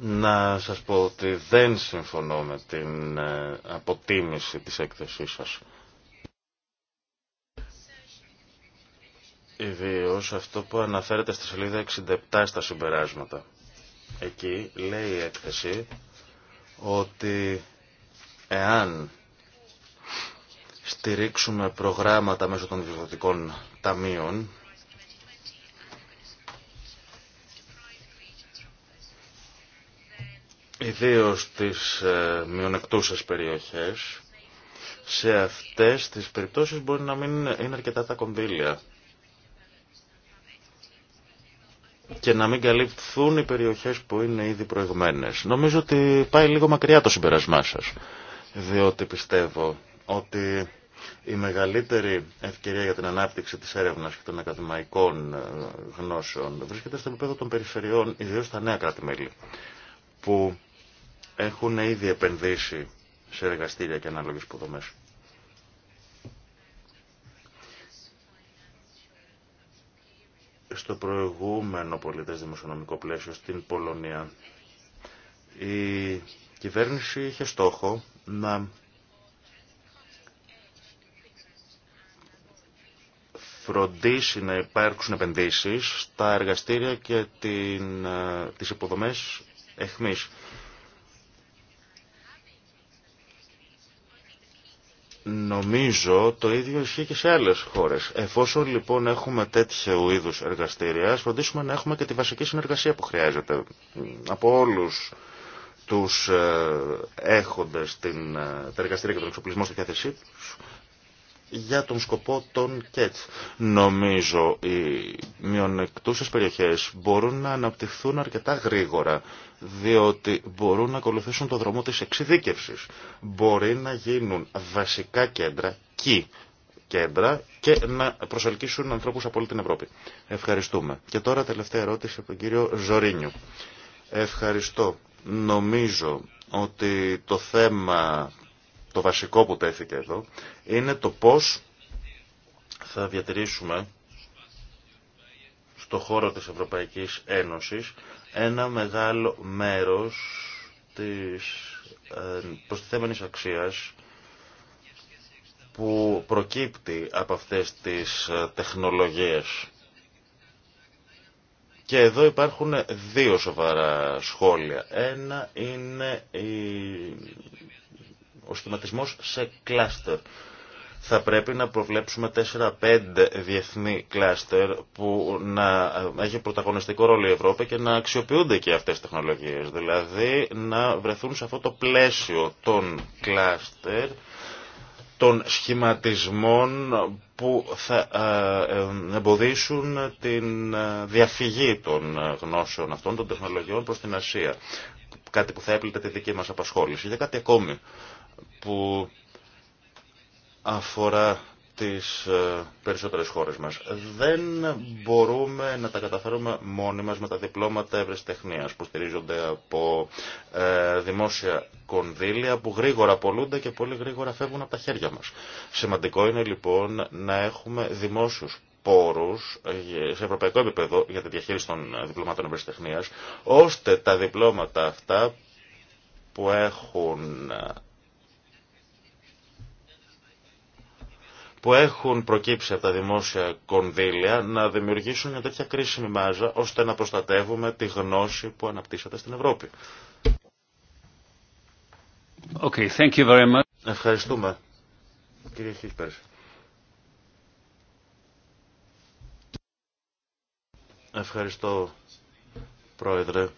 Να σας πω ότι δεν συμφωνώ με την ε, αποτίμηση της έκθεσής σας. Ιδίω αυτό που αναφέρεται στη σελίδα 67 στα συμπεράσματα. Εκεί λέει η έκθεση ότι εάν στηρίξουμε προγράμματα μέσω των διευθυντικών ταμείων ιδίως στις ε, μειονεκτούσες περιοχές, σε αυτές τις περιπτώσεις μπορεί να μην είναι αρκετά τα κονδύλια και να μην καλυφθούν οι περιοχές που είναι ήδη προηγμένες. Νομίζω ότι πάει λίγο μακριά το συμπερασμά σας, διότι πιστεύω ότι η μεγαλύτερη ευκαιρία για την ανάπτυξη της έρευνας και των ακαδημαϊκών ε, γνώσεων βρίσκεται στο επίπεδο των περιφερειών, ιδίως στα νέα κράτη-μέλη, που έχουν ήδη επενδύσει σε εργαστήρια και ανάλογες υποδομές. Στο προηγούμενο πολιτές δημοσιονομικό πλαίσιο στην Πολωνία η κυβέρνηση είχε στόχο να φροντίσει να υπάρξουν επενδύσεις στα εργαστήρια και την, ε, τις υποδομές εχμής. Νομίζω το ίδιο ισχύει και σε άλλες χώρες. Εφόσον λοιπόν έχουμε τέτοιου είδους εργαστήρια, φροντίσουμε να έχουμε και τη βασική συνεργασία που χρειάζεται από όλους τους ε, έχοντες την, ε, τα εργαστήρια και τον εξοπλισμό στη διάθεσή τους για τον σκοπό των ΚΕΤΣ. Νομίζω οι μειονεκτούσες περιοχές μπορούν να αναπτυχθούν αρκετά γρήγορα, διότι μπορούν να ακολουθήσουν το δρόμο της εξειδίκευσης. Μπορεί να γίνουν βασικά κέντρα, κι κέντρα και να προσελκύσουν ανθρώπους από όλη την Ευρώπη. Ευχαριστούμε. Και τώρα τελευταία ερώτηση από τον κύριο Ζωρίνιου. Ευχαριστώ. Νομίζω ότι το θέμα το βασικό που τέθηκε εδώ είναι το πώς θα διατηρήσουμε στο χώρο της Ευρωπαϊκής Ένωσης ένα μεγάλο μέρος της ε, προστιθέμενης αξίας που προκύπτει από αυτές τις ε, τεχνολογίες. Και εδώ υπάρχουν δύο σοβαρά σχόλια. Ένα είναι η ο σχηματισμός σε κλάστερ. Θα πρέπει να προβλέψουμε 4-5 διεθνή κλάστερ που να έχει πρωταγωνιστικό ρόλο η Ευρώπη και να αξιοποιούνται και αυτές τις τεχνολογίες. Δηλαδή να βρεθούν σε αυτό το πλαίσιο των κλάστερ των σχηματισμών που θα ε, ε, εμποδίσουν την ε, διαφυγή των γνώσεων αυτών, των τεχνολογιών προς την Ασία. Κάτι που θα έπλετε τη δική μας απασχόληση. Για κάτι ακόμη που αφορά τις ε, περισσότερες χώρες μας. Δεν μπορούμε να τα καταφέρουμε μόνοι μας με τα διπλώματα ευρεσιτεχνίας που στηρίζονται από ε, δημόσια κονδύλια που γρήγορα πολλούνται και πολύ γρήγορα φεύγουν από τα χέρια μας. Σημαντικό είναι λοιπόν να έχουμε δημόσιους πόρους ε, σε ευρωπαϊκό επίπεδο για τη διαχείριση των διπλωμάτων ευρεσιτεχνίας ώστε τα διπλώματα αυτά που έχουν που έχουν προκύψει από τα δημόσια κονδύλια να δημιουργήσουν μια τέτοια κρίσιμη μάζα ώστε να προστατεύουμε τη γνώση που αναπτύσσεται στην Ευρώπη. Okay, thank you very much. Ευχαριστούμε. Κύριε Χίσπερς. Ευχαριστώ, Πρόεδρε.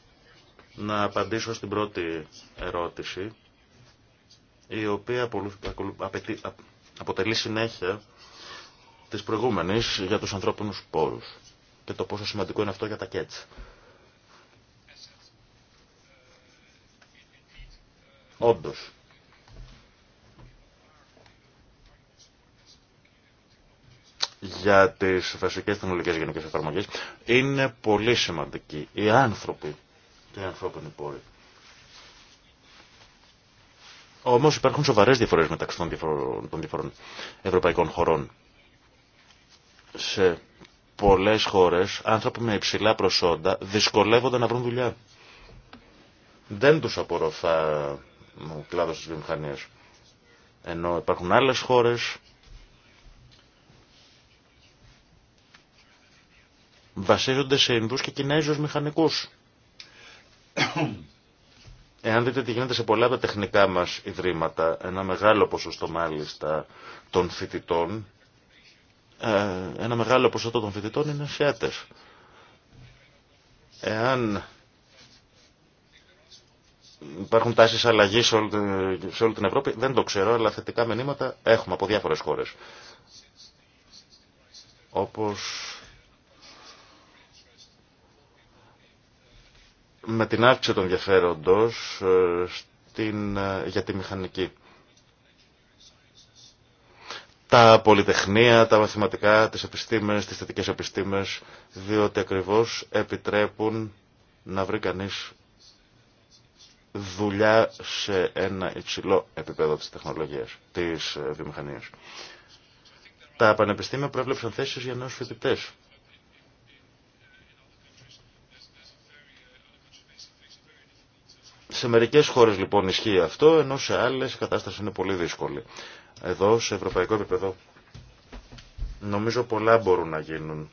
Να απαντήσω στην πρώτη ερώτηση, η οποία απαιτεί, αποτελεί συνέχεια τη προηγούμενη για του ανθρώπινου πόρου. και το πόσο σημαντικό είναι αυτό για τα κέτς. Όντω. για τις βασικές τεχνολογικές γενικές εφαρμογές είναι πολύ σημαντική. Οι άνθρωποι και οι ανθρώπινοι πόροι. Όμω υπάρχουν σοβαρέ διαφορέ μεταξύ των διαφορών, ευρωπαϊκών χωρών. Σε πολλέ χώρε άνθρωποι με υψηλά προσόντα δυσκολεύονται να βρουν δουλειά. Δεν του απορροφά ο κλάδος τη βιομηχανία. Ενώ υπάρχουν άλλε χώρε. βασίζονται σε Ινδούς και Κινέζους μηχανικούς Εάν δείτε τι γίνεται σε πολλά από τα τεχνικά μας ιδρύματα, ένα μεγάλο ποσοστό μάλιστα των φοιτητών, ε, ένα μεγάλο ποσοστό των φοιτητών είναι φιάτες. Εάν υπάρχουν τάσεις αλλαγής σε όλη, την Ευρώπη, δεν το ξέρω, αλλά θετικά μηνύματα έχουμε από διάφορες χώρες. Όπως με την αύξηση των ενδιαφέροντό ε, ε, για τη μηχανική. Τα πολυτεχνία, τα μαθηματικά, τις επιστήμες, τις θετικές επιστήμες, διότι ακριβώς επιτρέπουν να βρει κανείς δουλειά σε ένα υψηλό επίπεδο της τεχνολογίας, της ε, βιομηχανίας. Τα πανεπιστήμια προέβλεψαν θέσεις για νέους φοιτητές Σε μερικές χώρες λοιπόν ισχύει αυτό, ενώ σε άλλες η κατάσταση είναι πολύ δύσκολη. Εδώ, σε ευρωπαϊκό επίπεδο, νομίζω πολλά μπορούν να γίνουν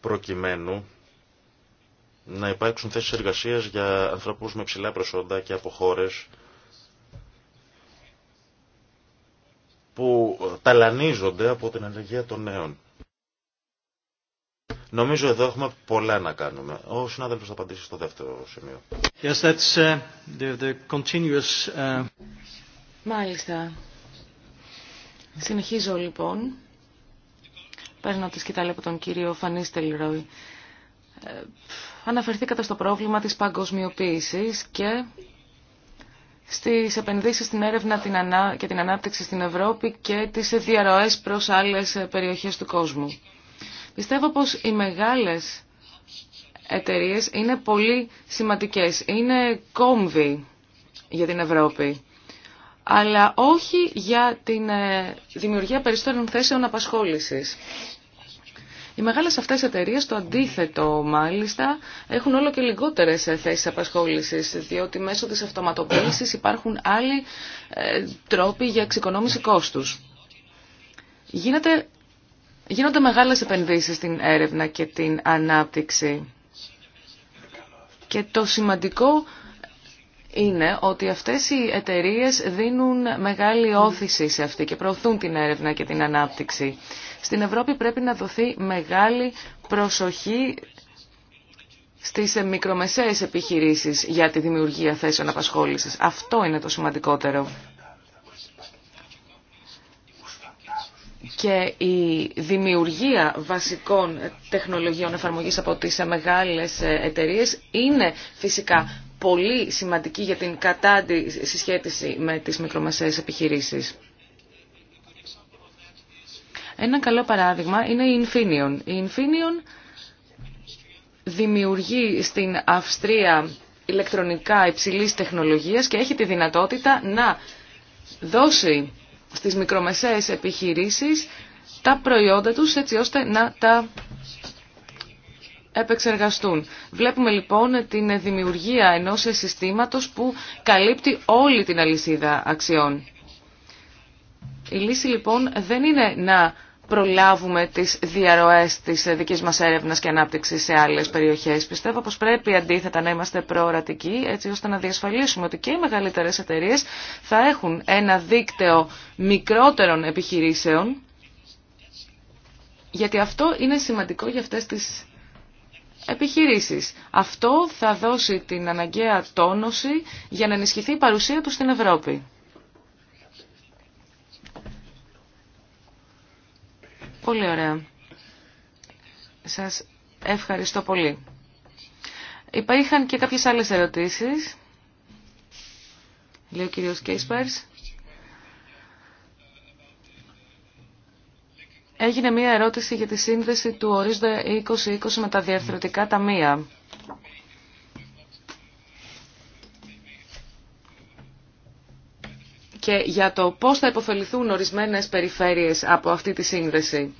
προκειμένου να υπάρξουν θέσεις εργασίας για ανθρώπους με ψηλά προσόντα και από χώρες που ταλανίζονται από την ανεργία των νέων. Νομίζω εδώ έχουμε πολλά να κάνουμε. Ο συνάδελφος θα απαντήσει στο δεύτερο σημείο. Yes, that's, uh, the, continuous, uh, Μάλιστα. Συνεχίζω λοιπόν. Παίρνω τη σκητάλη από τον κύριο Φανίστελ Ρόι. Ε, αναφερθήκατε στο πρόβλημα της παγκοσμιοποίησης και στις επενδύσεις στην έρευνα και την ανάπτυξη στην Ευρώπη και τις διαρροές προς άλλες περιοχές του κόσμου. Πιστεύω πως οι μεγάλες εταιρείες είναι πολύ σημαντικές. Είναι κόμβοι για την Ευρώπη. Αλλά όχι για την ε, δημιουργία περισσότερων θέσεων απασχόλησης. Οι μεγάλες αυτές εταιρείες, το αντίθετο μάλιστα, έχουν όλο και λιγότερες ε, θέσεις απασχόλησης, διότι μέσω της αυτοματοποίησης υπάρχουν άλλοι ε, τρόποι για εξοικονόμηση κόστους. Γίνεται Γίνονται μεγάλες επενδύσεις στην έρευνα και την ανάπτυξη. Και το σημαντικό είναι ότι αυτές οι εταιρείες δίνουν μεγάλη όθηση σε αυτή και προωθούν την έρευνα και την ανάπτυξη. Στην Ευρώπη πρέπει να δοθεί μεγάλη προσοχή στις μικρομεσαίες επιχειρήσεις για τη δημιουργία θέσεων απασχόλησης. Αυτό είναι το σημαντικότερο. και η δημιουργία βασικών τεχνολογιών εφαρμογής από τις μεγάλες εταιρείες είναι φυσικά πολύ σημαντική για την κατάντη συσχέτιση με τις μικρομεσαίες επιχειρήσεις. Ένα καλό παράδειγμα είναι η Infineon. Η Infineon δημιουργεί στην Αυστρία ηλεκτρονικά υψηλής τεχνολογίας και έχει τη δυνατότητα να δώσει στις μικρομεσαίες επιχειρήσεις τα προϊόντα τους έτσι ώστε να τα επεξεργαστούν. Βλέπουμε λοιπόν την δημιουργία ενός συστήματος που καλύπτει όλη την αλυσίδα αξιών. Η λύση λοιπόν δεν είναι να προλάβουμε τις διαρροές της δικής μας έρευνας και ανάπτυξης σε άλλες περιοχές. Πιστεύω πως πρέπει αντίθετα να είμαστε προορατικοί έτσι ώστε να διασφαλίσουμε ότι και οι μεγαλύτερες εταιρείε θα έχουν ένα δίκτυο μικρότερων επιχειρήσεων γιατί αυτό είναι σημαντικό για αυτές τις επιχειρήσεις. Αυτό θα δώσει την αναγκαία τόνωση για να ενισχυθεί η παρουσία του στην Ευρώπη. Πολύ ωραία. Σας ευχαριστώ πολύ. Υπήρχαν και κάποιες άλλες ερωτήσεις. Λέει ο κύριος Κέισπαρς. Έγινε μία ερώτηση για τη σύνδεση του ορίζοντα 2020 με τα διαρθρωτικά ταμεία. και για το πώς θα υποφεληθούν ορισμένες περιφέρειες από αυτή τη σύνδεση.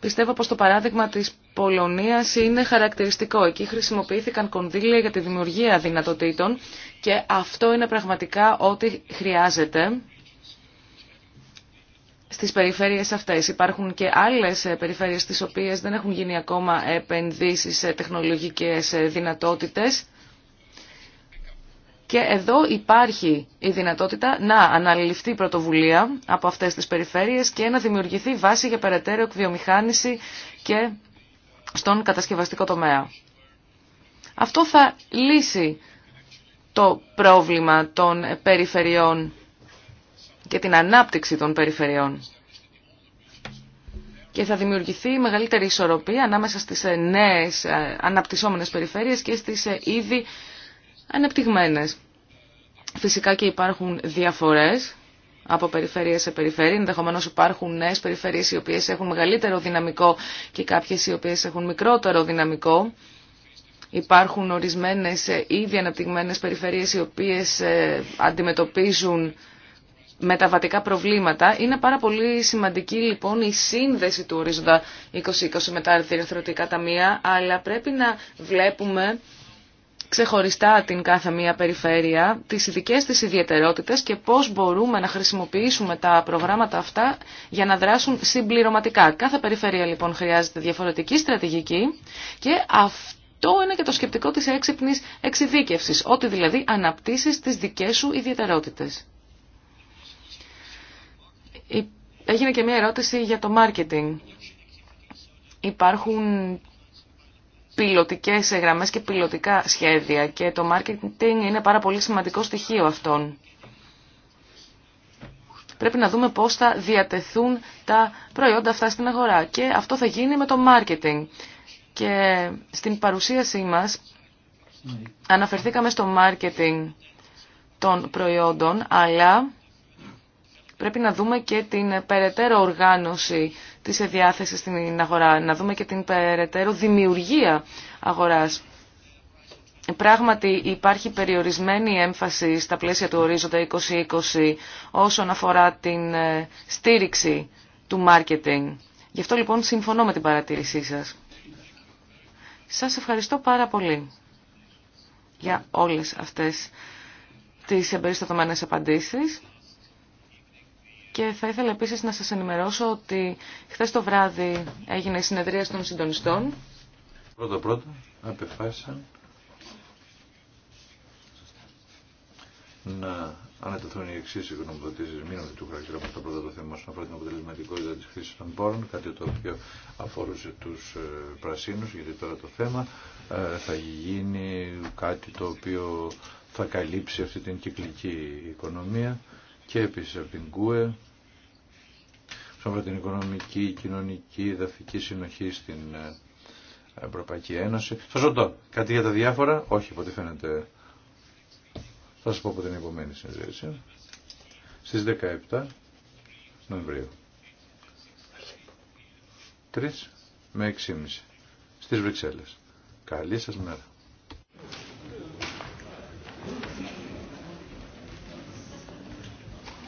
Πιστεύω πως το παράδειγμα της Πολωνίας είναι χαρακτηριστικό. Εκεί χρησιμοποιήθηκαν κονδύλια για τη δημιουργία δυνατοτήτων και αυτό είναι πραγματικά ό,τι χρειάζεται στις περιφέρειες αυτές. Υπάρχουν και άλλες περιφέρειες στις οποίες δεν έχουν γίνει ακόμα επενδύσεις σε τεχνολογικές δυνατότητες και εδώ υπάρχει η δυνατότητα να αναλυφθεί πρωτοβουλία από αυτές τις περιφέρειες και να δημιουργηθεί βάση για περαιτέρω εκβιομηχάνηση και στον κατασκευαστικό τομέα. Αυτό θα λύσει το πρόβλημα των περιφερειών και την ανάπτυξη των περιφερειών. Και θα δημιουργηθεί μεγαλύτερη ισορροπία ανάμεσα στις ε, νέες ε, αναπτυσσόμενες περιφέρειες και στις ε, ήδη ανεπτυγμένες. Φυσικά και υπάρχουν διαφορές από περιφέρεια σε περιφέρεια. Ενδεχομένω υπάρχουν νέε περιφέρειε οι οποίε έχουν μεγαλύτερο δυναμικό και κάποιε οι οποίε έχουν μικρότερο δυναμικό. Υπάρχουν ορισμένε ε, ήδη αναπτυγμένε περιφέρειε οι οποίε ε, αντιμετωπίζουν μεταβατικά προβλήματα. Είναι πάρα πολύ σημαντική λοιπόν η σύνδεση του ορίζοντα 2020 με τα αρθρωτικά ταμεία, αλλά πρέπει να βλέπουμε ξεχωριστά την κάθε μία περιφέρεια, τις ειδικέ της ιδιαιτερότητες και πώς μπορούμε να χρησιμοποιήσουμε τα προγράμματα αυτά για να δράσουν συμπληρωματικά. Κάθε περιφέρεια λοιπόν χρειάζεται διαφορετική στρατηγική και αυτό είναι και το σκεπτικό της έξυπνης εξειδίκευσης, ότι δηλαδή αναπτύσσεις τις δικές σου ιδιαιτερότητες. Έγινε και μια ερώτηση για το μάρκετινγκ. Υπάρχουν πιλωτικές γραμμές και πιλωτικά σχέδια και το marketing είναι πάρα πολύ σημαντικό στοιχείο αυτών. Πρέπει να δούμε πώς θα διατεθούν τα προϊόντα αυτά στην αγορά και αυτό θα γίνει με το marketing. Και στην παρουσίασή μας αναφερθήκαμε στο marketing των προϊόντων, αλλά πρέπει να δούμε και την περαιτέρω οργάνωση της διάθεσης στην αγορά, να δούμε και την περαιτέρω δημιουργία αγοράς. Πράγματι υπάρχει περιορισμένη έμφαση στα πλαίσια του ορίζοντα 2020 όσον αφορά την ε, στήριξη του μάρκετινγκ. Γι' αυτό λοιπόν συμφωνώ με την παρατήρησή σας. Σας ευχαριστώ πάρα πολύ για όλες αυτές τις εμπεριστατωμένες απαντήσεις. Και θα ήθελα επίσης να σας ενημερώσω ότι χθες το βράδυ έγινε η συνεδρία των συντονιστών. Πρώτα πρώτα απεφάσισαν να ανατεθούν οι εξή οικονομοδοτήσει μήνων του χαρακτήρα από τα πρώτα το θέμα όσον αφορά την αποτελεσματικότητα τη χρήση των πόρων, κάτι το οποίο αφορούσε του ε, πρασίνου, γιατί τώρα το θέμα ε, θα γίνει κάτι το οποίο θα καλύψει αυτή την κυκλική οικονομία και επίσης από την ΚΟΕ σώμα την οικονομική, κοινωνική, εδαφική συνοχή στην ε, Ευρωπαϊκή Ένωση. Σα ρωτώ, κάτι για τα διάφορα. Όχι, από ό,τι φαίνεται. Θα σα πω από την επόμενη συνεδρίαση. Στι 17 Νοεμβρίου. 3 με 6.30 στις Βρυξέλλες. Καλή σας μέρα.